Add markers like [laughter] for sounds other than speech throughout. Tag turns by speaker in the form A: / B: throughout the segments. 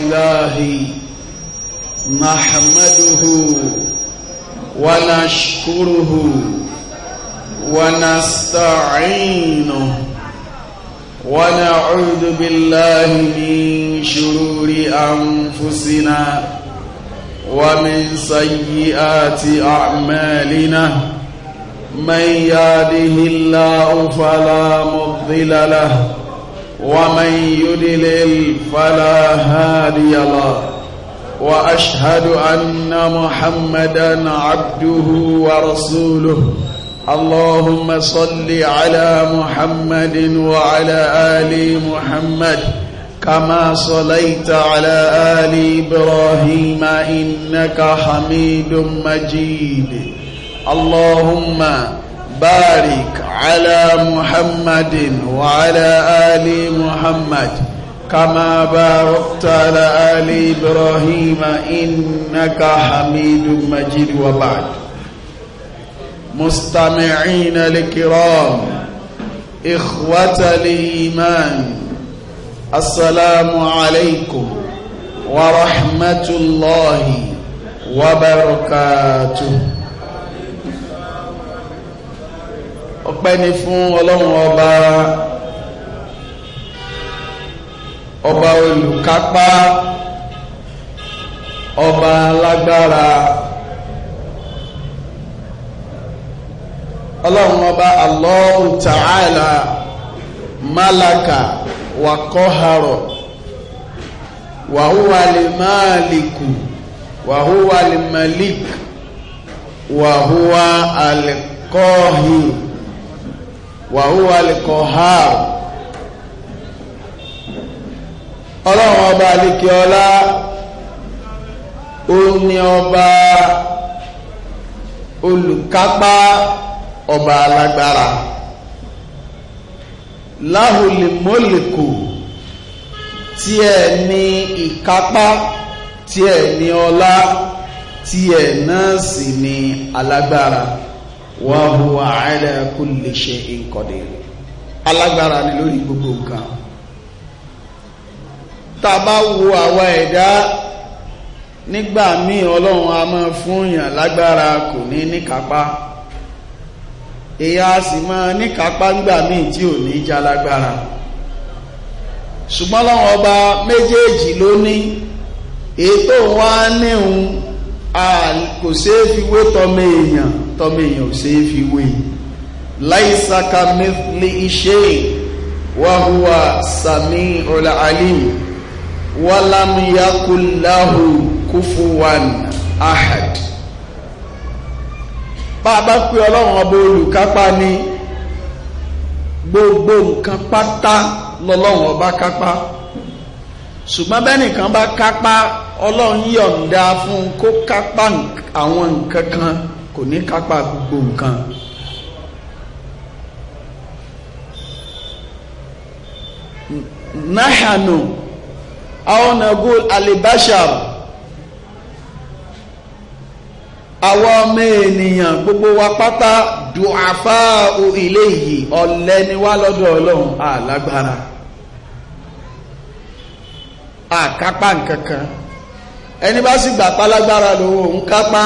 A: الله نحمده ونشكره ونستعينه ونعوذ بالله من شرور أنفسنا ومن سيئات أعمالنا من يهده الله فلا مضل له ومن يدلل فلا هادي له وأشهد أن محمدا عبده ورسوله اللهم صل على محمد وعلى آل محمد كما صليت على آل إبراهيم إنك حميد مجيد اللهم بارك على محمد وعلى آل محمد كما باركت على آل إبراهيم إنك حميد مجيد وبعد مستمعين الكرام إخوة الإيمان السلام عليكم ورحمة الله وبركاته ọpẹ́ ni fún ọlọ́run ọba ọba olùkápá ọba alágbára ọlọ́run ọba Allahu ta'ala málàkà wàkọ́harọ̀ wàhúwà lè máàlìkù wàhúwà lè màlík wàhúwà wàhúwà alìkọ̀ ọlọ́run ọba alìkẹ́ ọlá ó ní ọba olùkápá ọba alágbára láhùlì mọ́lẹ̀kù tí ẹ̀ ní ìkápá tí ẹ̀ ní ọlá tí ẹ̀ náà sì ní alágbára. wa huwa ala lè ṣe qadir alágbára ni lórí gbogbo nǹkan tá bá wo àwa ẹ̀dá nígbà míì ọlọ́run a máa fún yàn lágbára kò ní níkápá èyà a sì máa níkápá nígbà míì tí ò ní já lágbára ọba méjèèjì ló ní èyí tó wá níhun kò ṣeé fi wé tọmọ èèyàn tọmọ èèyàn ò ṣeé fi wé láìsàkà mẹ́fìlì iṣẹ́ wàhùwà sàmì ọ̀là alim wàlámìyàkùláhù kúfùwàn ahad bá a bá pé ọlọ́run ọba olùkápá ni gbogbo nǹkan pátá lọ́lọ́run ọba kápá ṣùgbọ́n bẹ́nìkan bá kápá ọlọ́run yọ̀ǹda fún kó kápá àwọn nǹkan kan kò ní kápá gbogbo nǹkan náhànù aonago alibashar àwa ọmọ ènìyàn gbogbo wa pátá dùn àfáà ilé yìí ọ̀lẹ ni lọ́dọ̀ ọlọ́run alágbára. Ah, àkápá nkankan ẹni bá sì gbà pálágbára lòun òun kápá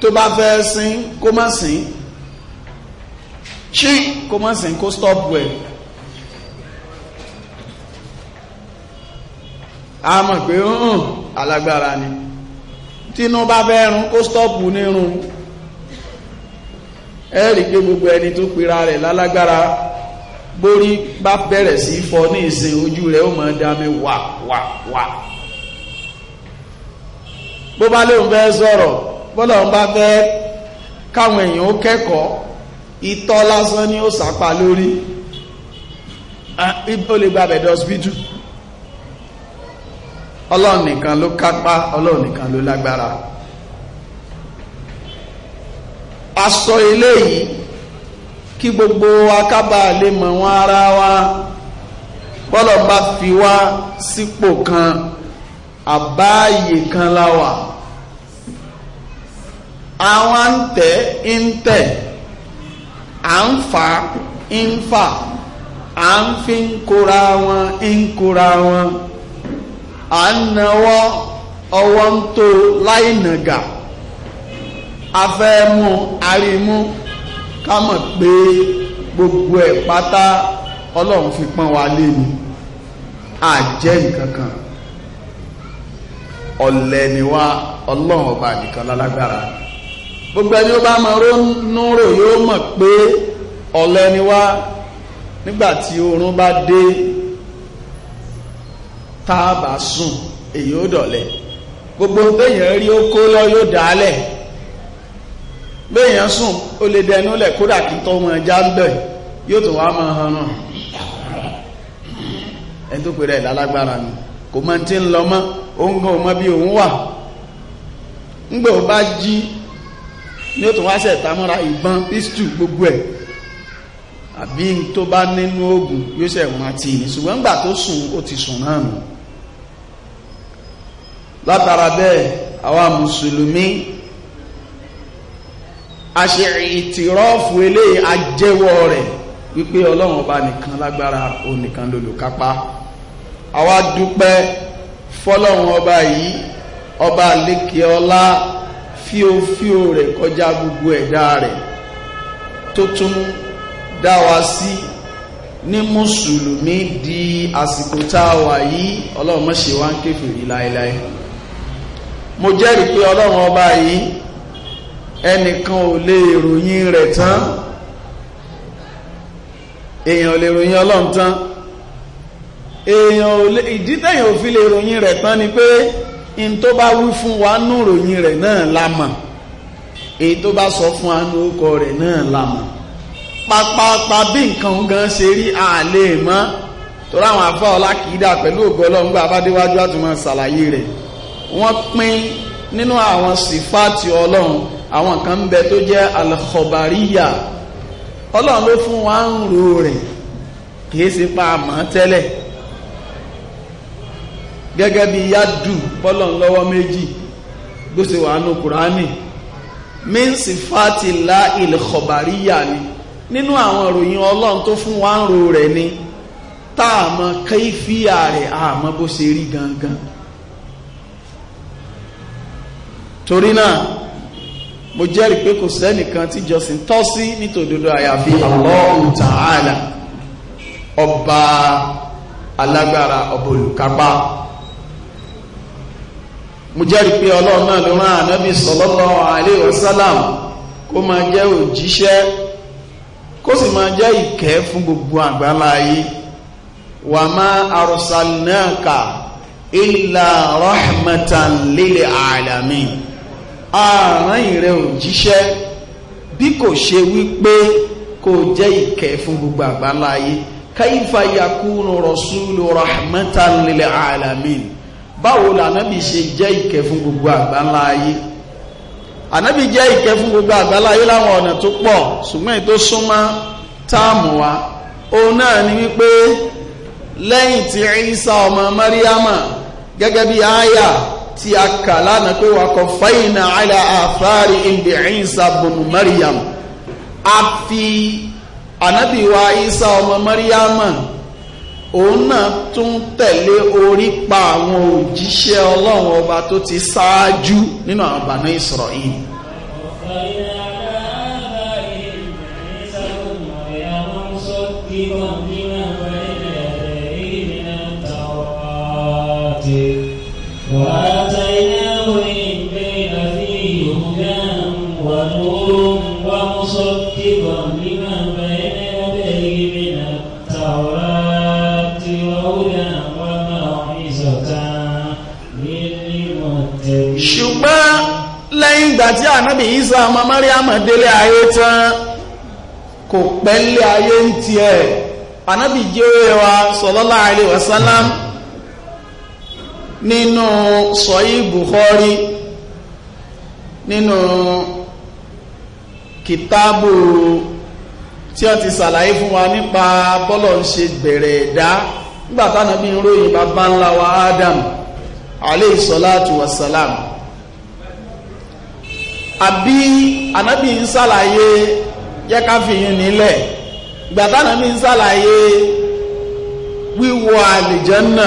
A: tó bá fẹ́ sin kó má sin ṣí kó má sin kó stop well a mọ̀ pé hàn alágbára ni tínú bá fẹ́ run kó stop nírun ẹ rí i pé gbogbo ẹni tó pera rẹ̀ lálágbára borí bá bẹ̀rẹ̀ sí fọ ní ìsìn ojú rẹ̀ ó máa dá mi wà wà wà bó bá lóun fẹ́ sọ̀rọ̀ bọ́lá òun bá fẹ́ káwọn èèyàn ó kẹ́kọ̀ọ́ itọ́ lásán ni ó sàpá lórí ó lè gba bẹ̀dẹ̀ hospital ọlọ́run nìkan ló kápá ọlọ́run nìkan ló lágbára aṣọ eléyìí kí gbogbo akábà lè mọ̀ wọn ara wa bọ́lọ̀ bá fi wá sípò kan àbáàyè kan láwà àwọn ń tẹ̀ ń tẹ̀ à ń fà ń fà à ń fi ń kóra wọn ń kóra wọn à ń nawọ́ ọwọ́ ń tó láì nàgà afẹ́ mú arímú ká mọ̀ pé gbogbo ẹ̀ pátá ọlọ́run fi pọ́n wa lé ni àjẹ́ nǹkan kan ọ̀lẹ ni wá ọlọ́run ọba nìkan lálágbára gbogbo ẹni ó bá mọ rónú rò yóò mọ̀ pé ọ̀lẹ ni wá nígbà tí oorun bá dé tá a bá sùn èyí ó dọ̀lẹ gbogbo téèyàn rí ó kó lọ yóò dálẹ̀ béèyàn sùn ó lè dẹnu lẹ̀ kódà kí tọ́ ọmọ ẹja ń bẹ̀ yóò tó wá máa hàn náà ẹni tó pèrè ìdálágbára ni kò mọ tí ń lọ mọ́ òun gan ọmọ bí òun wà ńgbà ó bá jí ní ó tó wá sẹ̀ tamọ́ra ìbọn pístù gbogbo ẹ̀ àbí tó bá nínú oògùn yóò sẹ̀ wọn àti ìní ṣùgbọ́n ńgbà tó sùn ó ti sùn náà nù látara bẹ́ẹ̀ àwa mùsùlùmí àṣẹ ìtìrọ́ọ̀fù eléyìí ajẹ́wọ́ rẹ̀ wípé ọlọ́run ọba nìkan lágbára onìkan lolùkápá àwa dúpẹ́ fọlọ́run ọba yìí ọba lékè ọlá fíofíò rẹ̀ kọjá gbogbo ẹ̀dá rẹ̀ tó tún dá wa sí ní mùsùlùmí di àsìkò tá a wà yìí ọlọ́run má ṣe wá ń kèfèrí láéláé mo jẹ́rìí pé ọlọ́run ọba yìí ẹnìkan ò lè ròyìn rẹ̀ tán èèyàn ò lè ròyìn ọlọ́run tán èèyàn ò lè ìdí tẹ̀yàn ò fi lè ròyìn rẹ̀ tán ni pé in tó bá wí fún wa nú ròyìn rẹ̀ náà la mọ̀ èyí tó bá sọ fún wa nú rẹ̀ náà la mọ̀ pàpàpà bí nǹkan gan ṣe rí àlè mọ́ torí àwọn afọ́ ọlá kìí dà pẹ̀lú ògbọ́lọ́ngbà abádéwájú àtúmọ̀ ṣàlàyé rẹ̀ wọ́n pín nínú àwọn sífàtì ọlọ́run àwọn kan ń bẹ tó jẹ́ alkhobariya ọlọ́run ló fún wa ń ro rẹ̀ kìí sí pa àmọ́ tẹ́lẹ̀ gẹ́gẹ́ bí yádù bọ́lọ̀n lọ́wọ́ méjì bó ṣe wà nù kùránì mínsì fàtìlá ìlẹ̀kọ̀bàríyà ni nínú àwọn ìròyìn ọlọ́run tó fún wa ń ro rẹ̀ ni tá àmọ́ kẹ́ífíà rẹ̀ àmọ́ bó ṣe rí gangan. torí náà mo jẹ́rìí pé kò sẹ́nìkan tí jọsìn tọ́ sí nítòdodo àyàfi Allahu Ta'ala ọba alágbára ọba olùkápá mo jẹ́rìí pé ọlọ́run náà ló rán ànábì sallallahu alaihi wasallam kó máa jẹ́ òjíṣẹ́ kó sì máa jẹ́ ìkẹ́ fún gbogbo àgbáńlá ayé wa ma arsalnaka illa rahmatan lil alamin ààrán ìrẹ òjíṣẹ́ bí kò ṣe wípé kò jẹ́ ìkẹ́ fún gbogbo àgbáláyé káyífà yakunu rasulu rahmatan lil alamin báwo lànábì ṣe jẹ́ ìkẹ́ fún gbogbo àgbáláyé ànábì jẹ́ ìkẹ́ fún gbogbo àgbáláyé láwọn ọ̀nà tó pọ̀ ṣùgbọ́n ètò súnmọ́ táàmù wa òun náà ni wípé lẹ́yìn tí Ìsá ọmọ Maryama gẹ́gẹ́ bí àyà tí a kà lánàá pé wà kọ fáyínà àìlà àfáàrí ìbí Ìsá bùnú Maryam a fi ànábì wa Ìsá ọmọ Maryam òun náà tún tẹ̀lé orí pa àwọn òjíṣẹ́ ọlọ́run ọba tó ti ṣáájú nínú àwọn Bani Isra'il Wow. lẹ́yìn ìgbà tí ànábì Isa ọmọ Mariam délé ayé tán kò pẹ́ lé ayé ń tiẹ̀ ànábì jẹ́wé wa sallallahu alaihi wasallam nínú Sahih Bukhari nínú kìtáàbù tí ó ti ṣàlàyé fún wa nípa bọ́lọ̀ ń ṣe bẹ̀rẹ̀ ẹ̀dá nígbà tánábì ń ròyìn bàbá ńlá wa Adam alaihi salatu wassalam àbí ànábì ń ṣàlàyé yẹ ká fi yín nílẹ̀ ìgbà tánábì ń ṣàlàyé wíwọ àlìjánà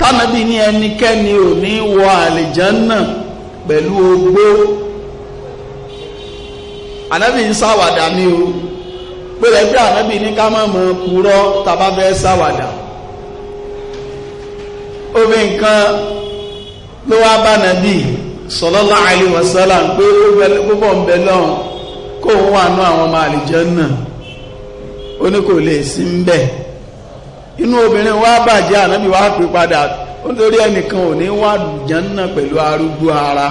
A: tánábì ní ẹnikẹ́ni ò ní wọ àlìjánà pẹ̀lú ogbó ànábì ń ṣàwàdà ni o pẹ̀lú ẹgbẹ́ ànábì ní ká má mọ̀ kúrò tàbá fẹ́ ṣàwàdà omi nǹkan ló wá bá nàbì. sọlọ́lá àìlú wàsálà ń pé púpọ̀ ń bẹ lọ́n kó ń wà ní àwọn ọmọ àlìjànnà ó ní kò lè sí ń bẹ̀ inú obìnrin wá bàjẹ́ ànábì wá pè padà nítorí ẹnìkan ò ní wà pẹ̀lú arúgbó ara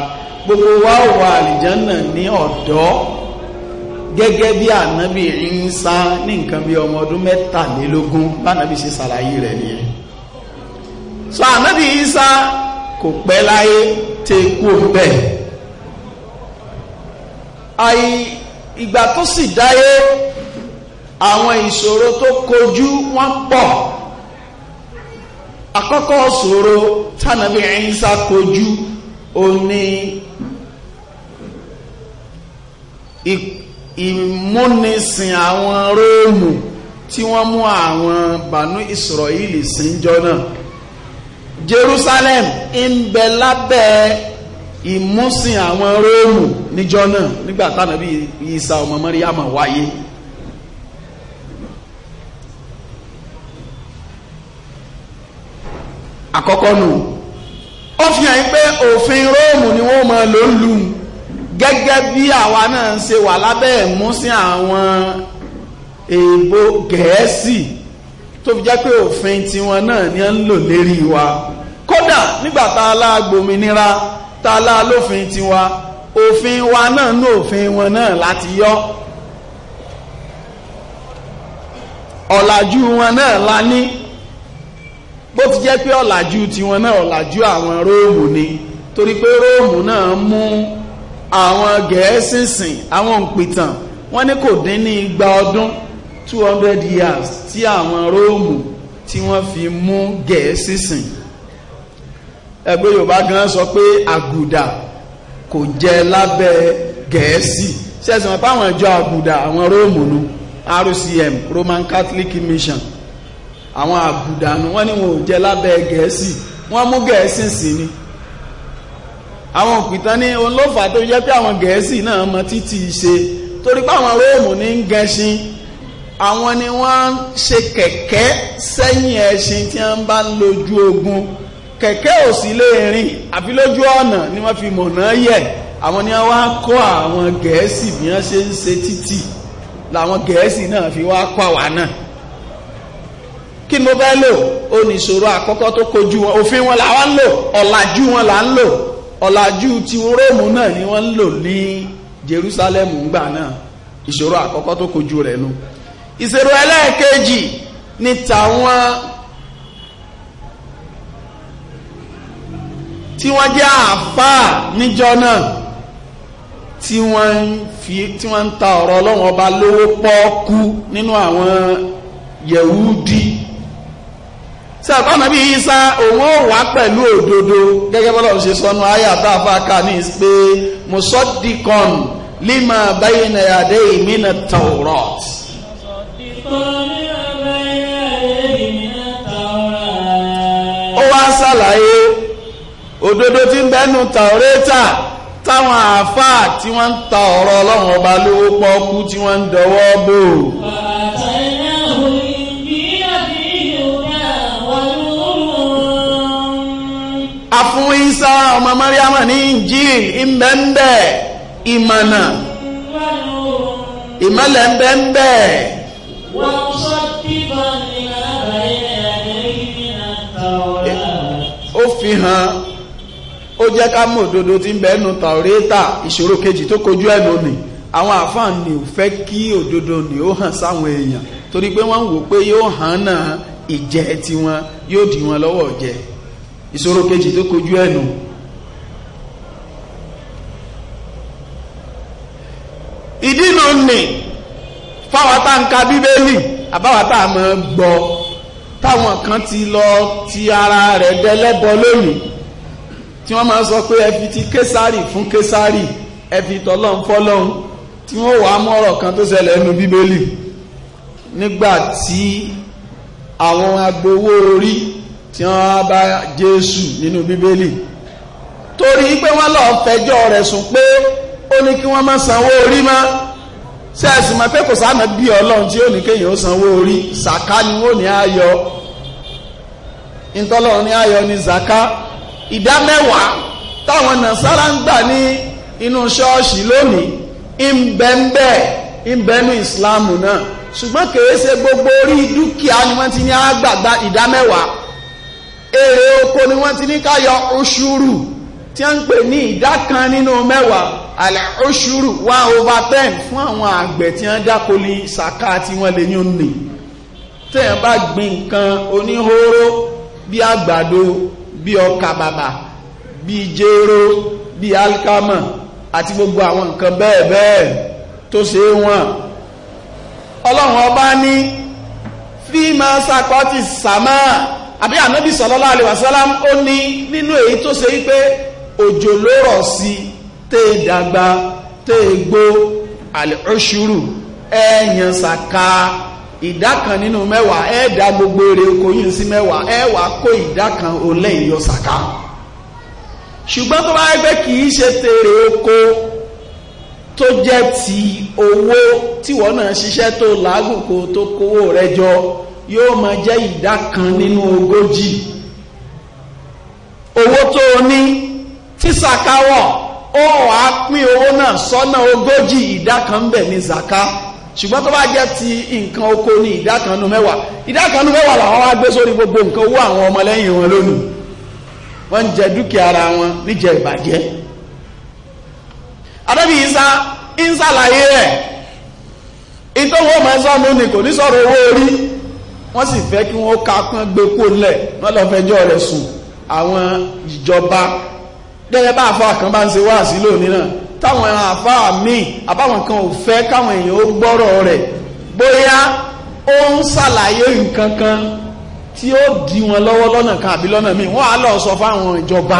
A: gbogbo wa wà àlìjànnà ní ọ̀dọ́ gẹ́gẹ́ bí ànábì ní nǹkan bí ọmọ ọdún mẹ́tàlélógún ṣe so ànábì kò pẹ́ láyé tẹ ikú òǹbẹ̀ àì ìgbà tó sì dáyé àwọn ìṣòro tó kojú wọ́n pọ̀ àkọ́kọ́ ṣòro tánàbí Ìsá kojú ó ní ìmúnisìn àwọn Róòmù tí wọ́n mú àwọn Bànú Ísírẹ́lì sí jọ náà Jerusalem ń bẹ lábẹ́ ìmúsìn àwọn Róòmù níjọ́ náà nígbà tánàbí Isa ọmọ Màríyámà wáyé àkọ́kọ́ nù ó fi hàn pé òfin Róòmù ni wọ́n máa lò ń lù gẹ́gẹ́ bí àwa náà ń ṣe wà lábẹ́ ìmúsìn àwọn èèbó Gẹ̀ẹ́sì. Si tó fi jẹ́ pé òfin tiwọn náà ni ń lò lérí wa kódà nígbà tá a lágbòmìnira tá a lá lófin tiwa òfin wa náà ní òfin wọn náà láti yọ ọ̀làjú wọn náà la ní bó ti jẹ́ pé ọ̀làjú tiwọn náà ọ̀làjú àwọn róòmù ni torí pé róòmù náà mú àwọn gẹ̀ẹ́sìnsìn àwọn òǹpìtàn wọ́n ní kò dín ní igba ọdún two hundred years tí àwọn róòmù tí wọ́n fi mú gẹ̀ẹ́sì sìn ẹgbẹ́ yorùbá gan sọ pé àgùdà kò jẹ lábẹ́ gẹ̀ẹ́sì sẹ́sìn wọn páwọn ìjọ àgùdà àwọn róòmù nu RCM Roman Catholic Mission àwọn àgùdà nu wọ́n ní wọn ò jẹ lábẹ́ gẹ̀ẹ́sì wọ́n mú gẹ̀ẹ́sì sìn ni àwọn òpìtàn ní olófà tó jẹ́ pé àwọn gẹ̀ẹ́sì náà mọ títí ṣe torí pé àwọn róòmù ní ń gẹṣin àwọn ni wọ́n ń ṣe kẹ̀kẹ́ sẹ́yìn ẹṣin tí wọ́n bá ń lójú ogun kẹ̀kẹ́ ò sí lè rìn àfi lójú ọ̀nà ni wọ́n fi mọ̀nà yẹ̀ àwọn ni wọ́n wá kọ́ àwọn gẹ̀ẹ́sì bí wọ́n ṣe ń ṣe títì làwọn gẹ̀ẹ́sì náà fi wá kọ́ àwa náà kí ni mo fẹ́ lò ó ní ìṣòro àkọ́kọ́ tó kojú wọn òfin wọn làwọn ń lò ọ̀làjú wọn là ń lò ọ̀làjú ti róòmù náà ni wọ́n ń lò ní Jerusalem ńgbà náà ìṣòro àkọ́kọ́ tó kojú rẹ̀ nù. No ìṣòro ẹlẹ́ẹ̀kejì ni tàwọn tí wọ́n jẹ́ àáfàá níjọ náà tí wọ́n ń fi tí wọ́n ń ta ọ̀rọ̀ ọlọ́run ọba lówó pọ́ọ́kú nínú àwọn yẹ̀wúdí sí àbáná bí isa òun ó wá pẹ̀lú òdodo gẹ́gẹ́ bọ́lá òṣè sọnù a àtàfà ká ní pé mùsọ́dìkan lima bayna yàdé ìmínà taurat ṣàlàyé òdodo tí ń bẹ́nu tàórẹ́tà táwọn àáfàá tí ti ń ta ọrọ ọlọ́run ọba lówó pọ́ọ́kú tí wọ́n ń dọwọ́ bò. àfún isa ọmọ mariam ní injil ìmbẹ́ńbẹ́ ìmọ̀nà ìmọ̀lẹ̀ fi hàn ó jẹ́ ká mọ̀ òdodo tí ń bẹ ẹnu tàórítà ìṣòro kejì tó kojú ẹnu nì àwọn àfáàn ni ò fẹ́ kí òdodo ni ó hàn sáwọn èèyàn torí pé wọ́n ń wò pé yóò hàn náà ìjẹ́ tiwọn yóò dì wọn lọ́wọ́ jẹ ìṣòro kejì tó kojú ẹnu ìdínà nì fáwọn tá ń ka bíbélì àbáwọn tá a máa gbọ́ táwọn kan ti lọ ti ara rẹ̀ dẹ́lẹ́bọ lónìí tí wọ́n máa sọ pé ẹ fi ti késàrì fún késàrì ẹ fi tọ́lọ́hún fọ́lọ́hún tí wọ́n wàá mọ́rọ̀ kan tó ṣẹlẹ̀ nínú bíbélì nígbà tí àwọn agbowó orí tí wọ́n bá Jésù nínú bíbélì torí pé wọ́n lọ́ọ́ fẹjọ́ rẹ̀ sùn pé ó ní kí wọ́n má sanwó orí mọ́. ṣé ẹ sì mọ̀ pé kò bí ọlọ́run tí ó ní kéèyàn ó sanwó orí ṣàká ni wọ́n ní ayọ̀ ìtọ́lọ́run ní ayọ̀ ní ṣàká ìdá mẹ́wàá táwọn Nasara ń gbà ní inú ṣọ́ọ̀ṣì lónìí ìbẹ̀ǹbẹ̀ ìbẹ̀nu ìsìláàmù náà ṣùgbọ́n kèé gbogbo orí dúkìá ni wọ́n ti ní àgbàgbà ìdá mẹ́wàá èrè oko ni wọ́n ti ní tí wọ́n ń pè kan nínú mẹ́wàá àlẹ́ oṣùrù wá over ten fún àwọn àgbẹ̀ tí wọ́n dáko ní sàká tí wọ́n lè yún ní tẹ́yàn bá gbin nǹkan oníhóró bí àgbàdo bí ọkà bàbà bí jéró bí alkama àti gbogbo àwọn nǹkan bẹ́ẹ̀ bẹ́ẹ̀ tó ṣe wọ́n ọlọ́run ọba ní fíìmà sakọ́tì sàmà àbí ànábì sallallahu ó ní nínú èyí tó ṣe wípé òjò ló rọ̀ sí i tẹ́ dàgbà tẹ́ gbó àlẹ́ṣúrù ẹ̀yàn sàká ìdá kan nínú mẹ́wàá ẹ̀ dá gbogbo èrè oko yìí sí mẹ́wàá ẹ̀ kó ìdá kan olè ìyọ sàká ṣùgbọ́n tó bá gbé kì í ṣe tèrè oko tó jẹ́ ti owó tíwọ́ náà ṣiṣẹ́ tó làágùn kó tó kówó rẹ jọ yóò máa jẹ́ ìdá kan nínú ogójì owó tó o ní tí sàká wọ̀ ó wà á pín owó náà sọ́nà ogójì ìdá kan ń bẹ̀ ní zaka ṣùgbọ́n tó bá jẹ́ ti nǹkan oko ní ìdá kan nú mẹ́wàá ìdá kan nú mẹ́wàá làwọn wá gbé sórí gbogbo nǹkan owó àwọn ọmọlẹ́yìn wọn lónìí wọ́n ń jẹ dúkìá ara wọn níjẹ ìbàjẹ́ adébí isa ń ṣàlàyé rẹ̀ ìtòwò mọ́sánmú ni kò ní sọ̀rọ̀ owó orí wọ́n sì fẹ́ kí wọ́n kápọ́n gbé kó lẹ̀ wọ́n lọ fẹjọ́ rẹ̀ sùn àwọn ìjọba gẹ́gẹ́ bá àfáà kan bá ń ṣe wáàsí lónìí náà táwọn ẹran àfáà míì àbáwọn kan ò fẹ́ káwọn èèyàn ó gbọ́rọ̀ rẹ̀ bóyá ó ń ṣàlàyé nǹkan kan tí ó di wọn lọ́wọ́ lọ́nà kan àbí lọ́nà míì wọ́n á lọ sọ fáwọn ìjọba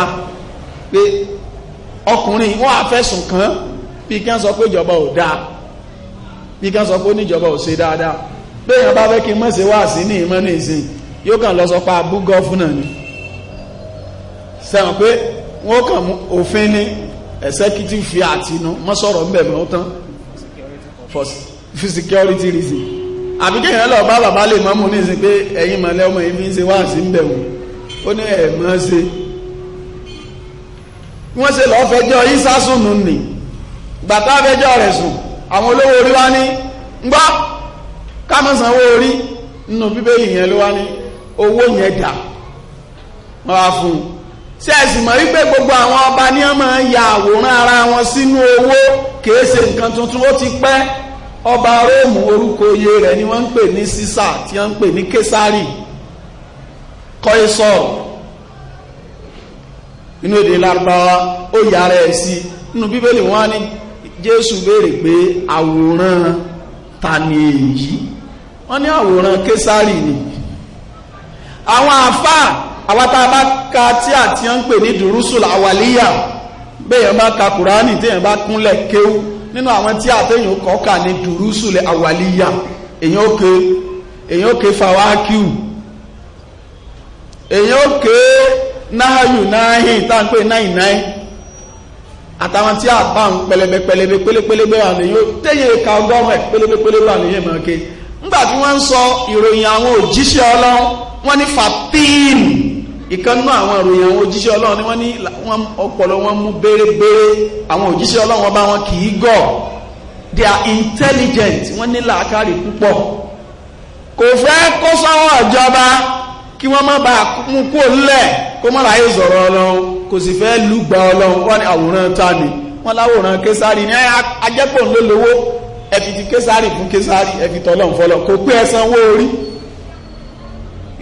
A: pé ọkùnrin wọ́n á fẹ̀sùn kàn bí kí wọ́n sọ pé ìjọba ò dáa bí kí wọ́n sọ pé oníjọba ò ṣe dáadáa pé èèyàn bá fẹ́ kí n mọ̀ ṣe wáàsí ní ìmọ̀ ní ìsìn yóò kàn lọ sọ pé abú gọ́fúnà ni sẹ́wọ̀n pé wọ́n kàn òfin ní executive fi àtinú mọ́sọ̀rọ̀ ń bẹ̀rẹ̀ ó tán for security reason àbí kéèyàn lọ bá bàbá lè mọ́mú ní ìsìn pé ẹ̀yin mọ̀lẹ́ ọmọ yìí fi ń ṣe wá sí ń bẹ̀wò ó ní ẹ̀mọ́ ṣe wọ́n ṣe lọ́ọ́ fẹjọ́ ìsásùnù nì gbàtà fẹjọ́ rẹ̀ sùn àwọn olówó orí wá ní gbọ́ kámọ́sánwó orí nínú bíbélì yẹn ló wá ní owó yẹn dà wọ́n á fún un ṣe ẹ̀sìn mọ̀ wípé gbogbo àwọn ọba ní ọmọ ya àwòrán ara wọn sínú owó kìí ṣe nǹkan tuntun ó ti pẹ́ ọba róòmù orúkọ oyè rẹ̀ ni wọ́n ń pè ní sísà tí wọ́n ń pè ní késárì kọ́ísọ̀ inú èdè lárúbáwá ó yára ẹ̀ sí nínú bíbélì wọn ní jésù béèrè pé àwòrán ta ni èyí wọ́n ní àwòrán késárì ni àwọn àfáà àwátá bá ka tí àti ń pè ní bá ka kùránì téèyàn bá kúnlẹ̀ kéwú nínú àwọn tí àtẹ́yìn kọ́kà ní dùrúsùl àwàlíyà èyàn òkè èyàn òkè fàwákìú èyàn òkè náhàyù náhìn táǹpé náìnáì àtàwọn tí àbá ń pẹlẹbẹ pẹlẹbẹ pélépélébé wà nìyó téye ka ọgọ́rùn-ún ẹ̀ pélépélébé wà nìyó mọ̀ ké nígbà tí ìkan àwọn ìròyìn àwọn òjíṣẹ́ ọlọ́run ni wọ́n ní ọpọlọ wọn mú bérebére àwọn òjíṣẹ́ ọlọ́run ọba wọn kì í gọ̀ they are intelligent wọ́n ní làákàrí púpọ̀ kò fẹ́ kó sọ́wọ́ ìjọba kí wọ́n má bàa mú kó lẹ̀ kó má láyé sọ̀rọ̀ ọlọ́run kò sì fẹ́ lùgbà ọlọ́run wọ́n ní àwòrán ta ni wọ́n láwòrán késàrì ní ajẹ́pọ̀ ló lówó ẹ ti késàrì fún késàrì ẹ fi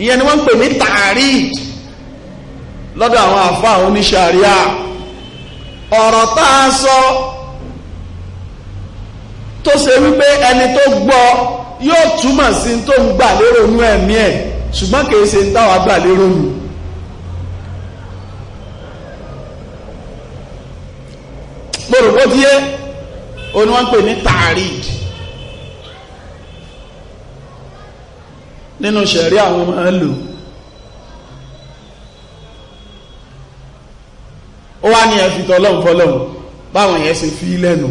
A: ìyẹn ni wọ́n ń pè ní tààríìdì lọ́dọ̀ àwọn àfa oníṣàríà ọ̀rọ̀ tá a sọ tó ṣe wípé ẹni tó gbọ́ yóò túmọ̀ sí tó ń gbà lérò nú ẹ̀mí ẹ̀ ṣùgbọ́n kì í ṣe ń táwa gbà lérò nù. gbòrògbò tí yé o ni wọ́n ń pè ní tààríd nínú ṣẹ̀rí àwọn ọmọ ẹ̀ lò. ó wá ní ẹ̀fì tọ́lọ́hun fọ́lọ́hun báwọn yẹn ṣe fi lẹ́nu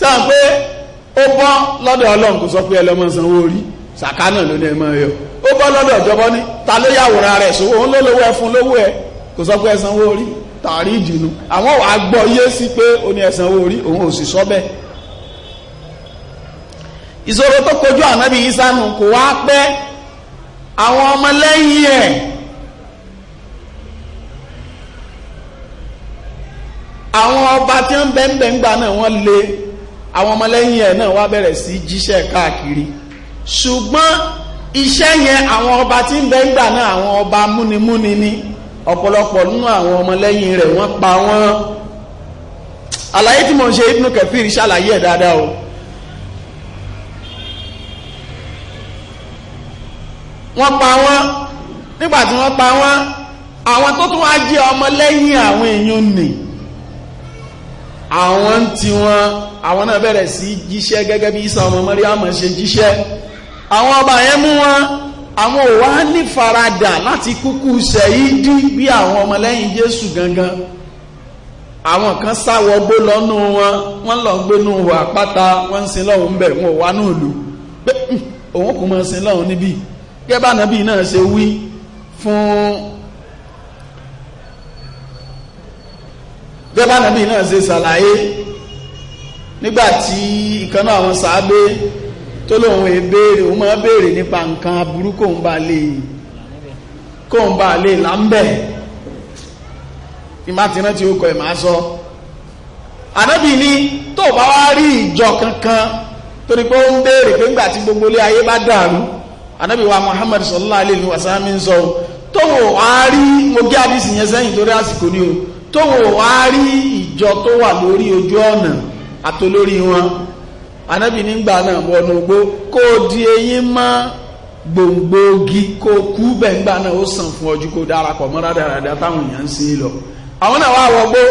A: sáà pé ó bọ́ lọ́dọ̀ ọlọ́run kò sọ pé ẹlọ́mọ sanwó orí sàkánà ló ní ẹmọ yọ ó bọ́ lọ́dọ̀ ìjọba ní ta ló yàwòrán rẹ̀ sówó òun ló lówó ẹ fún lówó ẹ kò sọ pé ẹ sanwó orí tàrí ìjìnú àwọn wàá gbọ́ yé sí pé ó ní ẹ sanwó orí òun ò sì sọ bẹ́ẹ̀ ìṣòro tó kojú ànábì ìsánu kò wá pẹ́ àwọn ọmọlẹ́yìn ẹ̀ àwọn ọba tí ń bẹ ń bẹ ń gbà náà wọ́n lé àwọn ọmọlẹ́yìn ẹ̀ náà wá bẹ̀rẹ̀ sí jíṣẹ́ káàkiri ṣùgbọ́n iṣẹ́ yẹn àwọn ọba tí ń bẹ ń gbà náà àwọn ọba múnimúni ni ọ̀pọ̀lọpọ̀ nínú àwọn ọmọlẹ́yìn rẹ̀ wọ́n pa wọ́n àlàyé tí mo ṣe Ibn Kathir ṣàlàyé ẹ̀ dáadáa o wọ́n pa wọ́n nígbà tí wọ́n pa wọ́n àwọn tó tún wá jẹ́ ọmọlẹ́yìn àwọn èèyàn nìyí àwọn tí wọn àwọn náà bẹ̀rẹ̀ sí jíṣẹ́ gẹ́gẹ́ bí Isa ọmọ Màríàmù ṣe jíṣẹ́ àwọn ọba yẹn mú wọn àwọn ò wá ní faradà láti kúkú ṣẹ̀yídí bí àwọn ọmọlẹ́yìn Jésù gangan àwọn kan sáwọ gbó lọ́nù wọn wọ́n lọ gbénú wọ àpáta wọ́n ń sin lọ́hùn bẹ̀ wọn ò náà lù pé hmm, òun kò mọ̀ sin lọ́hùn níbí gẹ́gẹ́ nàbí náà ṣe wí fún gẹ́bà nàbí náà ṣe ṣàlàyé nígbàtí ìkan àwọn sàábé tó lóun èbèrè òun máa béèrè nípa nǹkan aburú kóun bá lè kọ ẹ̀ máa sọ ànábì tó bá wá rí kankan tó pé ó ń pé gbogbo ilé ayé bá dàrú ànábì wa Muhammad sallallahu alaihi wasallam ń sọ o tóun wá rí ìjọ tó wà lórí ojú ọ̀nà àtolórí wọn anábì nígbà náà wọnú gbó kó o di eyín mọ́ gbòǹgbòógi kó o kú bẹ̀ǹgbà náà ó sàn fún ọjọ́ kó o darapọ̀ mọ́ rádaràdà táwọn èèyàn ń sí lọ àwọn náà wá wọgbó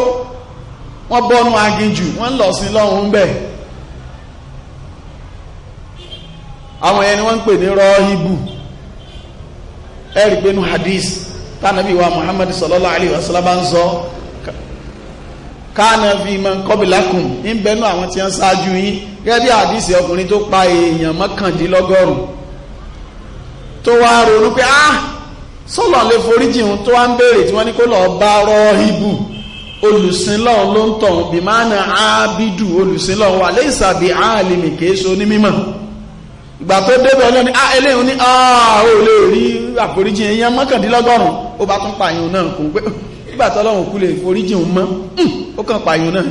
A: wọ́n bọ́nu aginjù wọ́n lọ sí lọ́hùn bẹ́ẹ̀ àwọn ẹni wọ́n ń pè ní rọ́híbù ẹ̀rí pé nu hadith tánàbí wa Muhammad sallallahu alayhi wa sallam ń sọ káàna fi mọ kọbìlákùn ń bẹnu àwọn tí wọ́n ṣáájú yín gẹ́gẹ́ bí àdìsí ọkùnrin tó pa èèyàn mọ́kàndínlọ́gọ́rùn tó wá ronú pé ah sọ́lọ̀ lè foríjì òun tó wá ń béèrè tí wọ́n ní kó lọ́ọ́ bá rọ́ ibù olùsìnlọ́ọ̀ ló ń tọ̀hún bí máa na ábídù olùsìnlọ́ọ̀ wà lè ìsàbí àálìmì kéèso ní mímọ̀ ìgbà tó débẹ̀ ọjọ́ ah, ni eléyìí ní àà ó lè rí àforíjì èèyàn mọ́kàndínlọ́gọ́rùn ó bá tún pààyàn náà kò pé nígbà tọ́lọ́run kú lè foríjì ń mọ́ hmm, ó kàn pààyàn náà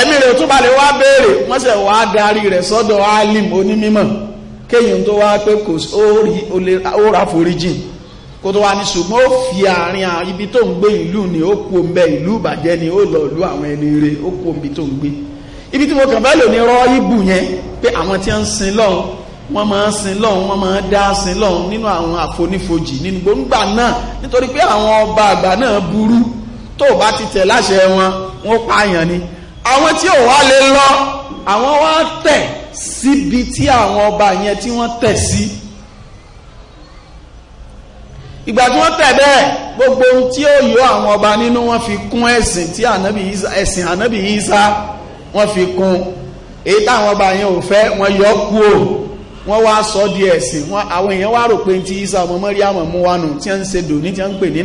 A: ẹ̀mí rẹ̀ tó balẹ̀ wá béèrè wọ́n sẹ̀ wá darí rẹ̀ sọ́dọ̀ alim onímímọ̀ kéyìn tó wá pé kò ó ra foríjì kó tó wá ní ṣùgbọ́n ó fi àárín ibi tó ń gbé ìlú ni ó kú ń bẹ ìlú ìbàjẹ́ ni ó lọ ìlú àwọn ẹni rẹ̀ ó kú ibi tó ń gbé ibi tí mo kàn bá lò ní rọ́ ibù yẹn pé àwọn tí wọ́n ń sin lọ́hùn wọ́n máa sin lọ́hùn wọ́n máa dá sin lọ́hùn nínú àwọn àfonífojì nínú gbòǹgbà náà nítorí pé àwọn ọba àgbà náà burú tó bá ti tẹ̀ láṣẹ wọn wọ́n pààyàn ni àwọn tí ò wá lè lọ àwọn wá tẹ̀ síbi tí àwọn ọba yẹn tí wọ́n tẹ̀ sí ìgbà tí wọ́n tẹ̀ bẹ́ẹ̀ gbogbo ohun tí ó yọ àwọn ọba nínú wọ́n fi kún ẹ̀sìn tí ànábì Ìsá ẹ̀sìn ànábì Ìsá wọ́n fi kún èyí táwọn ọba yẹn ò fẹ́ wọ́n yọ kúrò wọ́n wá sọ di ẹ̀sìn àwọn èèyàn wá rò pé tí isa ọmọ Màríámù mú wánu tí a ń ṣe dò ní tí a ń pè ní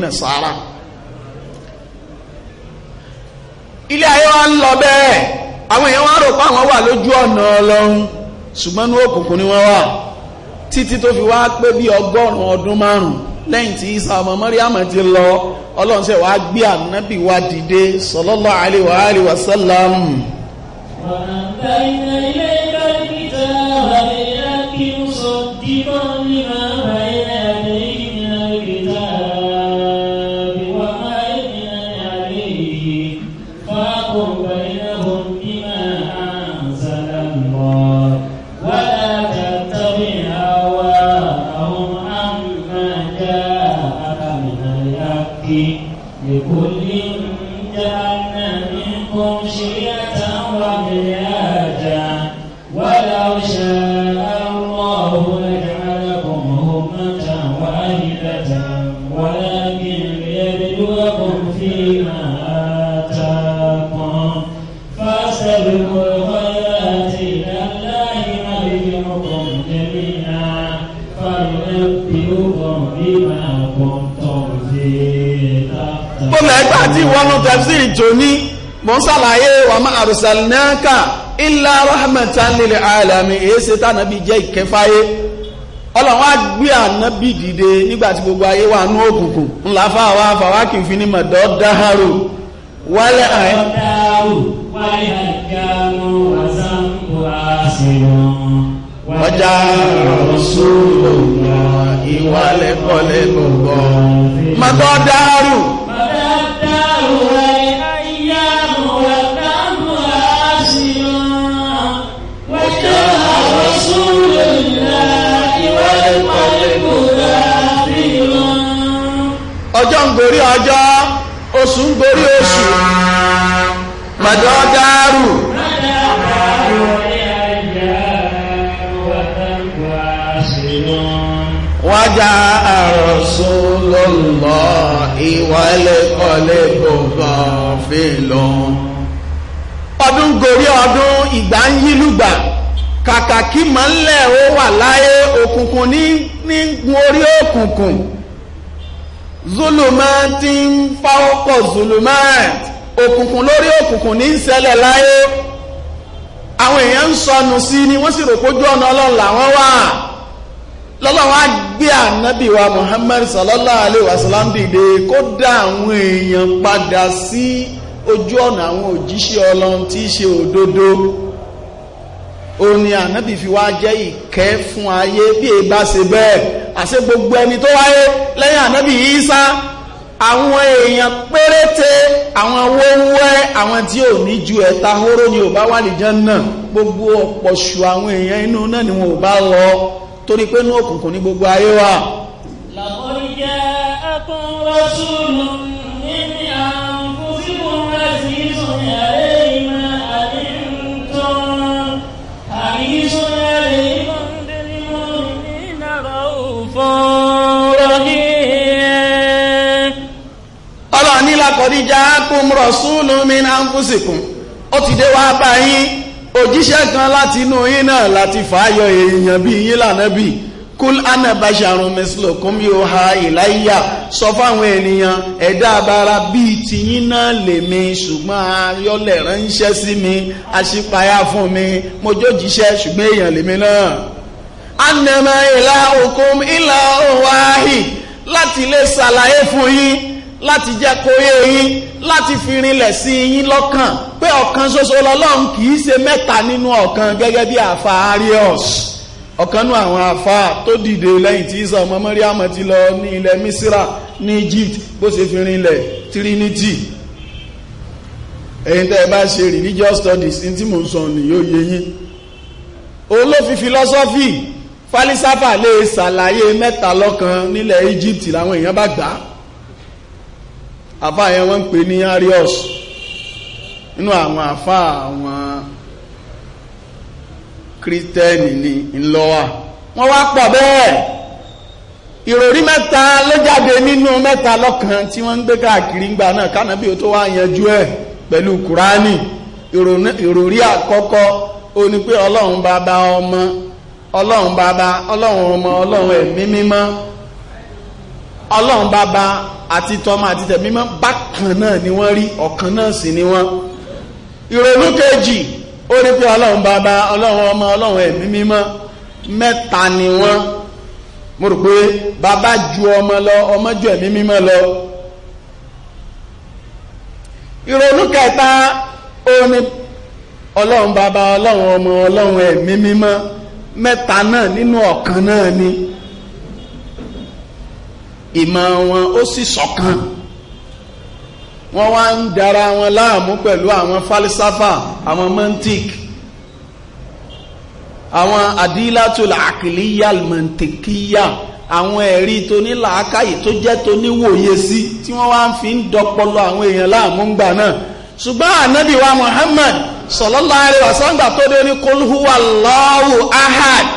A: ilé ayé wa ń lọ bẹ́ẹ̀ àwọn èèyàn wá rò pé àwọn wà lójú ọ̀nà Ọlọ́run ṣùgbọ́n òkùnkùn ni wọ́n wà títí tó fi wá pé bí ọgọ́rùn-ún ọdún márùn-ún lẹ́yìn tí isa ọmọ mọ́ríàmù ti lọ ọlọ́run ṣe wàá gbé wa dìde wa
B: Di mana tafsiri
A: tòní mo ń ṣàlàyé wà má àrùsàlẹ́ńkà ilá rahmatan lil alamin èyí ta nabi jẹ́ ìkẹfàyé ọlọ́run á gbé ànábì dìde nígbàtí gbogbo ayé wà ní òkùnkùn ńlá fáwọn afáwá kì í fi ní mọ̀dọ́ dáhàrò wálé àyè. ọjà rọ̀ṣùlù ìwálẹ̀kọ̀lẹ̀ gbọ̀ngàn mọ̀dọ́ dáhàrò. gorí ọjọ́ oṣù ń gorí oṣù mọ̀jọ́ dárù wájà àròsọ lọ́lọ́ fèlò ọdún gorí ọdún ìgbà ń yílùgbà kàkà kí mọ́ńlẹ̀ ó wà láyé òkùnkùn ní gun orí òkùnkùn. zulumati ń fáwọ́pọ̀ zulumati òkùnkùn lórí òkùnkùn ní ìṣẹ̀lẹ̀ láyé àwọn èèyàn ń sọnù sí ni wọ́n sì rò pójú ọ̀nà ọlọ́run làwọn wà lọ́lọ́run á gbé ànábì wa Muhammad sallallahu alayhi wa sallam dìde kó dá àwọn èèyàn padà sí ojú ọ̀nà àwọn òjíṣẹ́ ọlọ́run tí í ṣe òdodo. òní ànábì fi wá jẹ́ ìkẹ́ fún ayé bí e bá ṣe bẹ́ẹ̀ àṣẹ gbogbo ẹni tó wáyé lẹ́yìn ànábì Ìsá àwọn èèyàn péréte àwọn wọ́wẹ́ àwọn tí ò ní ju ẹ̀ta hóró ni ò bá wà ní Jánnà gbogbo ọ̀pọ̀ ṣù àwọn èèyàn inú náà ni wọn ò bá lọ torí pé inú òkùnkùn ní gbogbo ayé wà.
B: làwọn jẹ́ ẹkùn rọ́ṣùlù
A: kọ̀díjà kún rọ̀súlù min anfusikum ó ti dé wá bá yín òjíṣẹ́ kan láti inú yín náà láti fàáyọ èèyàn bí yín lànàbì kúl anabasharun mislukum yuha ilayya sọ fáwọn ènìyàn ẹ̀dá abara bíi tiyín náà lèmi ṣùgbọ́n ayọ́lẹ̀ ránṣẹ́ sí mi aṣípayá fún mi mo jójíṣẹ́ ṣùgbọ́n èèyàn lèmi náà anama ilahukum ilahun wahid láti lè ṣàlàyé fún yín láti jẹ́ kó yé yín láti fi rinlẹ̀ sí yín lọ́kàn pé ọ̀kan ṣoṣo lọ́lọ́run kì í ṣe mẹ́ta nínú ọ̀kan gẹ́gẹ́ bí àfa Arius ọ̀kan nú àwọn àfa tó dìde lẹ́yìn tí Isa ọmọ Mọ́ríàmọ́ ti lọ ní ilẹ̀ Misira ní Egypt bó ṣe fi rinlẹ̀ Trinity ẹ̀yin tẹ́ ẹ bá ṣe religious studies ní tí mò ń sọ ni yóò yé yín olófin philosophy falisafa lè ṣàlàyé mẹ́ta lọ́kan nílẹ̀ Egypt làwọn èèyàn bá gbà á àfá yẹn wọ́n ń pè ní arius nínú àwọn àfá àwọn kírísítẹ́nì ní ńlọ́wà wọ́n wá pọ̀ bẹ́ẹ̀ ìròrí mẹ́ta ló jáde nínú mẹ́ta lọ́kàn tí wọ́n ń gbé káàkiri ńgbà náà kánàbí ó tó wá yanjú ẹ̀ pẹ̀lú kùránì ìròrí àkọ́kọ́ ọmọ ọlọ́run bàbá ọlọ́run ọmọ ọlọ́run ẹ̀mí mímọ́ ọlọ́run bàbá àti tọmọ àti tẹ̀mímọ́ bákan náà ni wọ́n rí ọ̀kan náà sì ni wọ́n ìrònú kejì ó rí pé ọlọ́run bàbá ọlọ́run ọmọ ọlọ́run ẹ̀mí mímọ́ mẹ́ta ni wọ́n mo rò pé bàbá ju ọmọ lọ ọmọ ju ẹ̀mí mímọ́ lọ ìrònú kẹta ó ní ọlọ́run bàbá ọlọ́run ọmọ ọlọ́run ẹ̀mí mímọ́ mẹ́ta náà nínú ọ̀kan náà ni. Ọlọ́run, náà, ni ìmọ̀ wọn ó sì ṣọ̀kan wọ́n wá ń dara wọn láàmú pẹ̀lú àwọn falisafa àwọn mantik àwọn adilatul akiliyal mantikiya àwọn ẹ̀rí tonílàákàyè tó jẹ́ toníwòye sí tí wọ́n wá ń fi ń dọpọlọ àwọn èèyàn láàmú ńgbà náà ṣùgbọ́n ànábì wa Muhammad sallallahu alaihi wasallam tó dé ní kul huwa Allahu ahad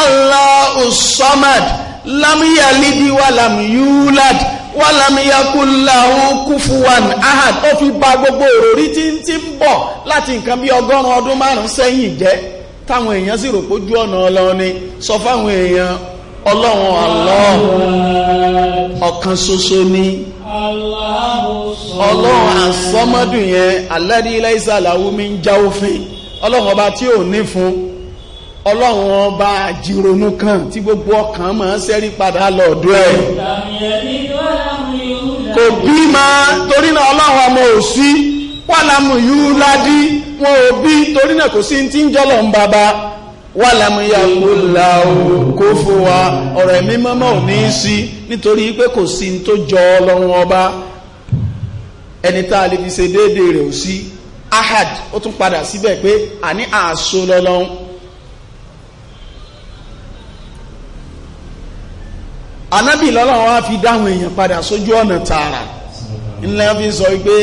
A: Allahu samad lámíyà lídí wà lámì yúlad wà lámíyà kú láhún kúfúwàn ahad fi ba gbogbo orori ti ń tí ń bọ̀ láti nǹkan bí ọgọ́rùn ọdún márùn sẹ́yìn jẹ́ táwọn èèyàn sì rò pójú ọ̀nà ọlọ́run sọ ọlọ́run Allah ọ̀kan ṣoṣo ni ọlọ́run àsọmọ́dún yẹn ń ọba tí ò ní fún ọlọ́run ọba jìrònú kan tí gbogbo ọkàn máa ń sẹ́rí padà lọ́ọ̀dọ́
B: ẹ̀ kò bí máa torí náà ọlọ́run ọmọ
A: ò sí wàlámù yìí ládí wọn ò bí torí náà kò sí tí ń jọ́lọ̀ ń bàbá wàlámù yàgò làwò kó fún wa ọ̀rọ̀ ẹ̀mí mọ́mọ́ ò ní í sí nítorí pé kò sí tó jọ ọlọ́run ọba ẹni tá a lè fi ṣe déédéé rẹ̀ ò sí ahad ó tún padà síbẹ̀ pé àní àṣọ lọ́lọ́run anábì lọ́lọ́wọ́ wá fi dáhùn èèyàn padà sójú ọ̀nà tààrà ńlẹ́ fi sọ wípé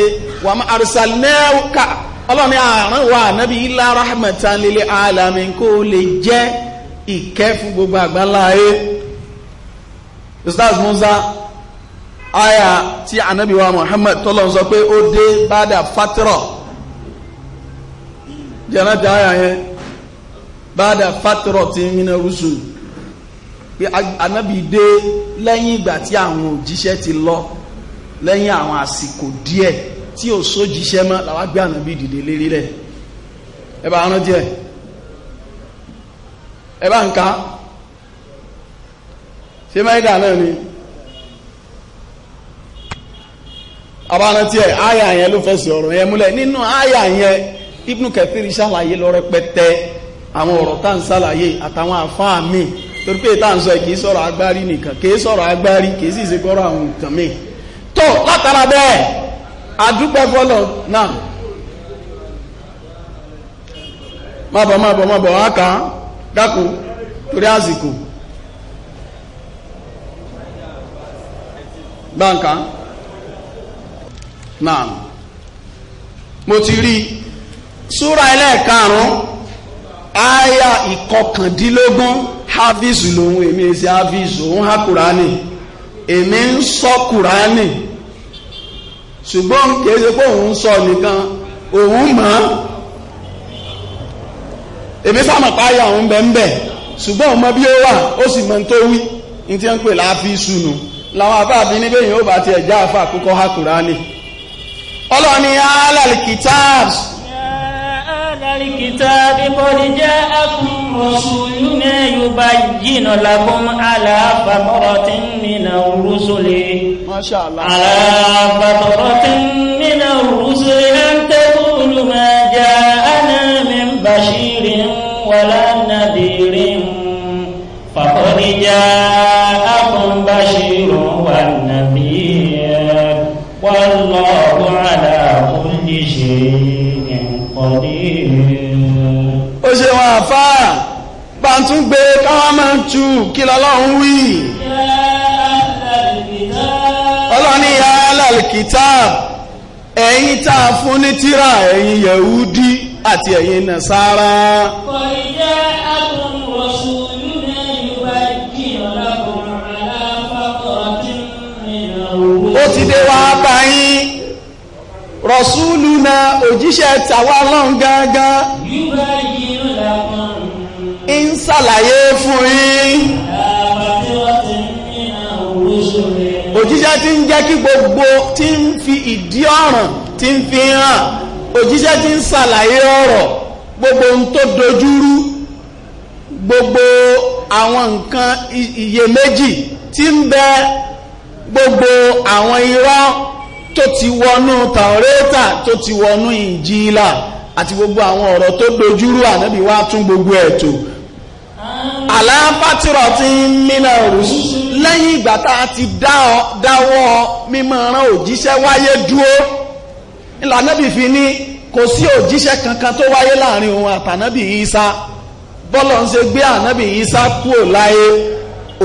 A: wà á arsalnaka ọlọ́ni àrùn wa anábì illa rahmatan lil alamin kó lè jẹ́ ìkẹ́ fún gbogbo àgbáláyé ustaz musa aya tí anábì wa muhammad tọ́lọ̀ sọ pé ó dé bada fatra jẹ́nàtà aya yẹn bada fatra ti ń yin náà rúṣùlù pé anábì dé lẹ́yìn ìgbà tí àwọn òjíṣẹ́ ti lọ lẹ́yìn àwọn àsìkò díẹ̀ tí ò sójíṣẹ́ mọ́ làwa gbé anábì dìde lérí rẹ̀ ẹ bá rántí ẹ ẹ bá ń ka ṣé mẹ́ta náà ni àbárántí ẹ̀ áyà yẹn ló fẹ́sẹ̀ ọ̀rọ̀ yẹn múlẹ̀ nínú áyà yẹn Ibn Kathir ṣàlàyé lọ àwọn ọ̀rọ̀ tá ń ṣàlàyé àtàwọn àfáà míì torí ìta ń sọ kìí sọ̀rọ̀ agbárí nìkan kìí sọ̀rọ̀ agbárí kìí sì ṣe gbọ́rọ̀ àwọn nǹkan mi tó látara bẹ́ẹ̀ adúpẹ́ fọ́lọ̀ náà mábọ̀ mábọ̀ mábọ̀ wá dákú torí àsìkò báǹkà náà mo ti rí súra ẹlẹ́ẹ̀karùn hafizu lòun èmi èsì hafizu òun ha kùránì èmi ń sọ kùránì ṣùgbọ́n kìí ṣe pé òun sọ nìkan òun mọ̀ ọ́ èmi sáàmù páyà òun bẹ́ẹ̀ ṣùgbọ́n òun mọ bí ó wà ó sì mọ tó wí ní tí wọ́n ń pè láàfíìsù nù làwọn afáàfin níbẹ̀ yìí ó bá tiẹ̀ já àfa àkókò ha kùránì ọlọ́ni alal kitabs
B: الكتاب قد جاءكم رسولنا يبين لكم على فترة من الرسل ما شاء الله على فترة من الرسل أن تقولوا ما جاءنا من بشير ولا نذير فقد جاء
A: káwà tún gbé káwà máa tú kí lọ́lọ́run wí ọlọ́ni ya alàlìkítà ẹ̀yin tá a fún ní tírà ẹ̀yin yẹ̀údí àti ẹ̀yin nàṣàrà ó ti dé wá báyìí rọ̀súlù na òjíṣẹ́ tàwa lọ́n gángan
B: yúbá yìí lọ́pọ̀
A: ń ṣàlàyé fún yín òjíṣẹ́ tí ń jẹ́ kí gbogbo tí ń fi ìdí ọ̀ràn tí ń fi hàn òjíṣẹ́ tí ń ṣàlàyé ọ̀rọ̀ gbogbo ohun tó dojúrú gbogbo àwọn nǹkan iyèméjì tí ń bẹ gbogbo àwọn irọ́ tó ti wọnú tàwọ́rẹ́tà tó ti wọnú ìnjílà àti gbogbo àwọn ọ̀rọ̀ tó dojúrú ànábì tún gbogbo ẹ̀ aláfàtúrọ̀ ti ń mìnà rú lẹ́yìn ìgbà tá a ti dáwọ́ mímọ̀ràn òjíṣẹ́ wáyé dúró ìlànàbì fi ní kò sí òjíṣẹ́ kankan tó wáyé láàrin òun àtànàbì Ìsá bọ́lọ̀ ń ṣe gbé ànábì Ìsá kúrò láyé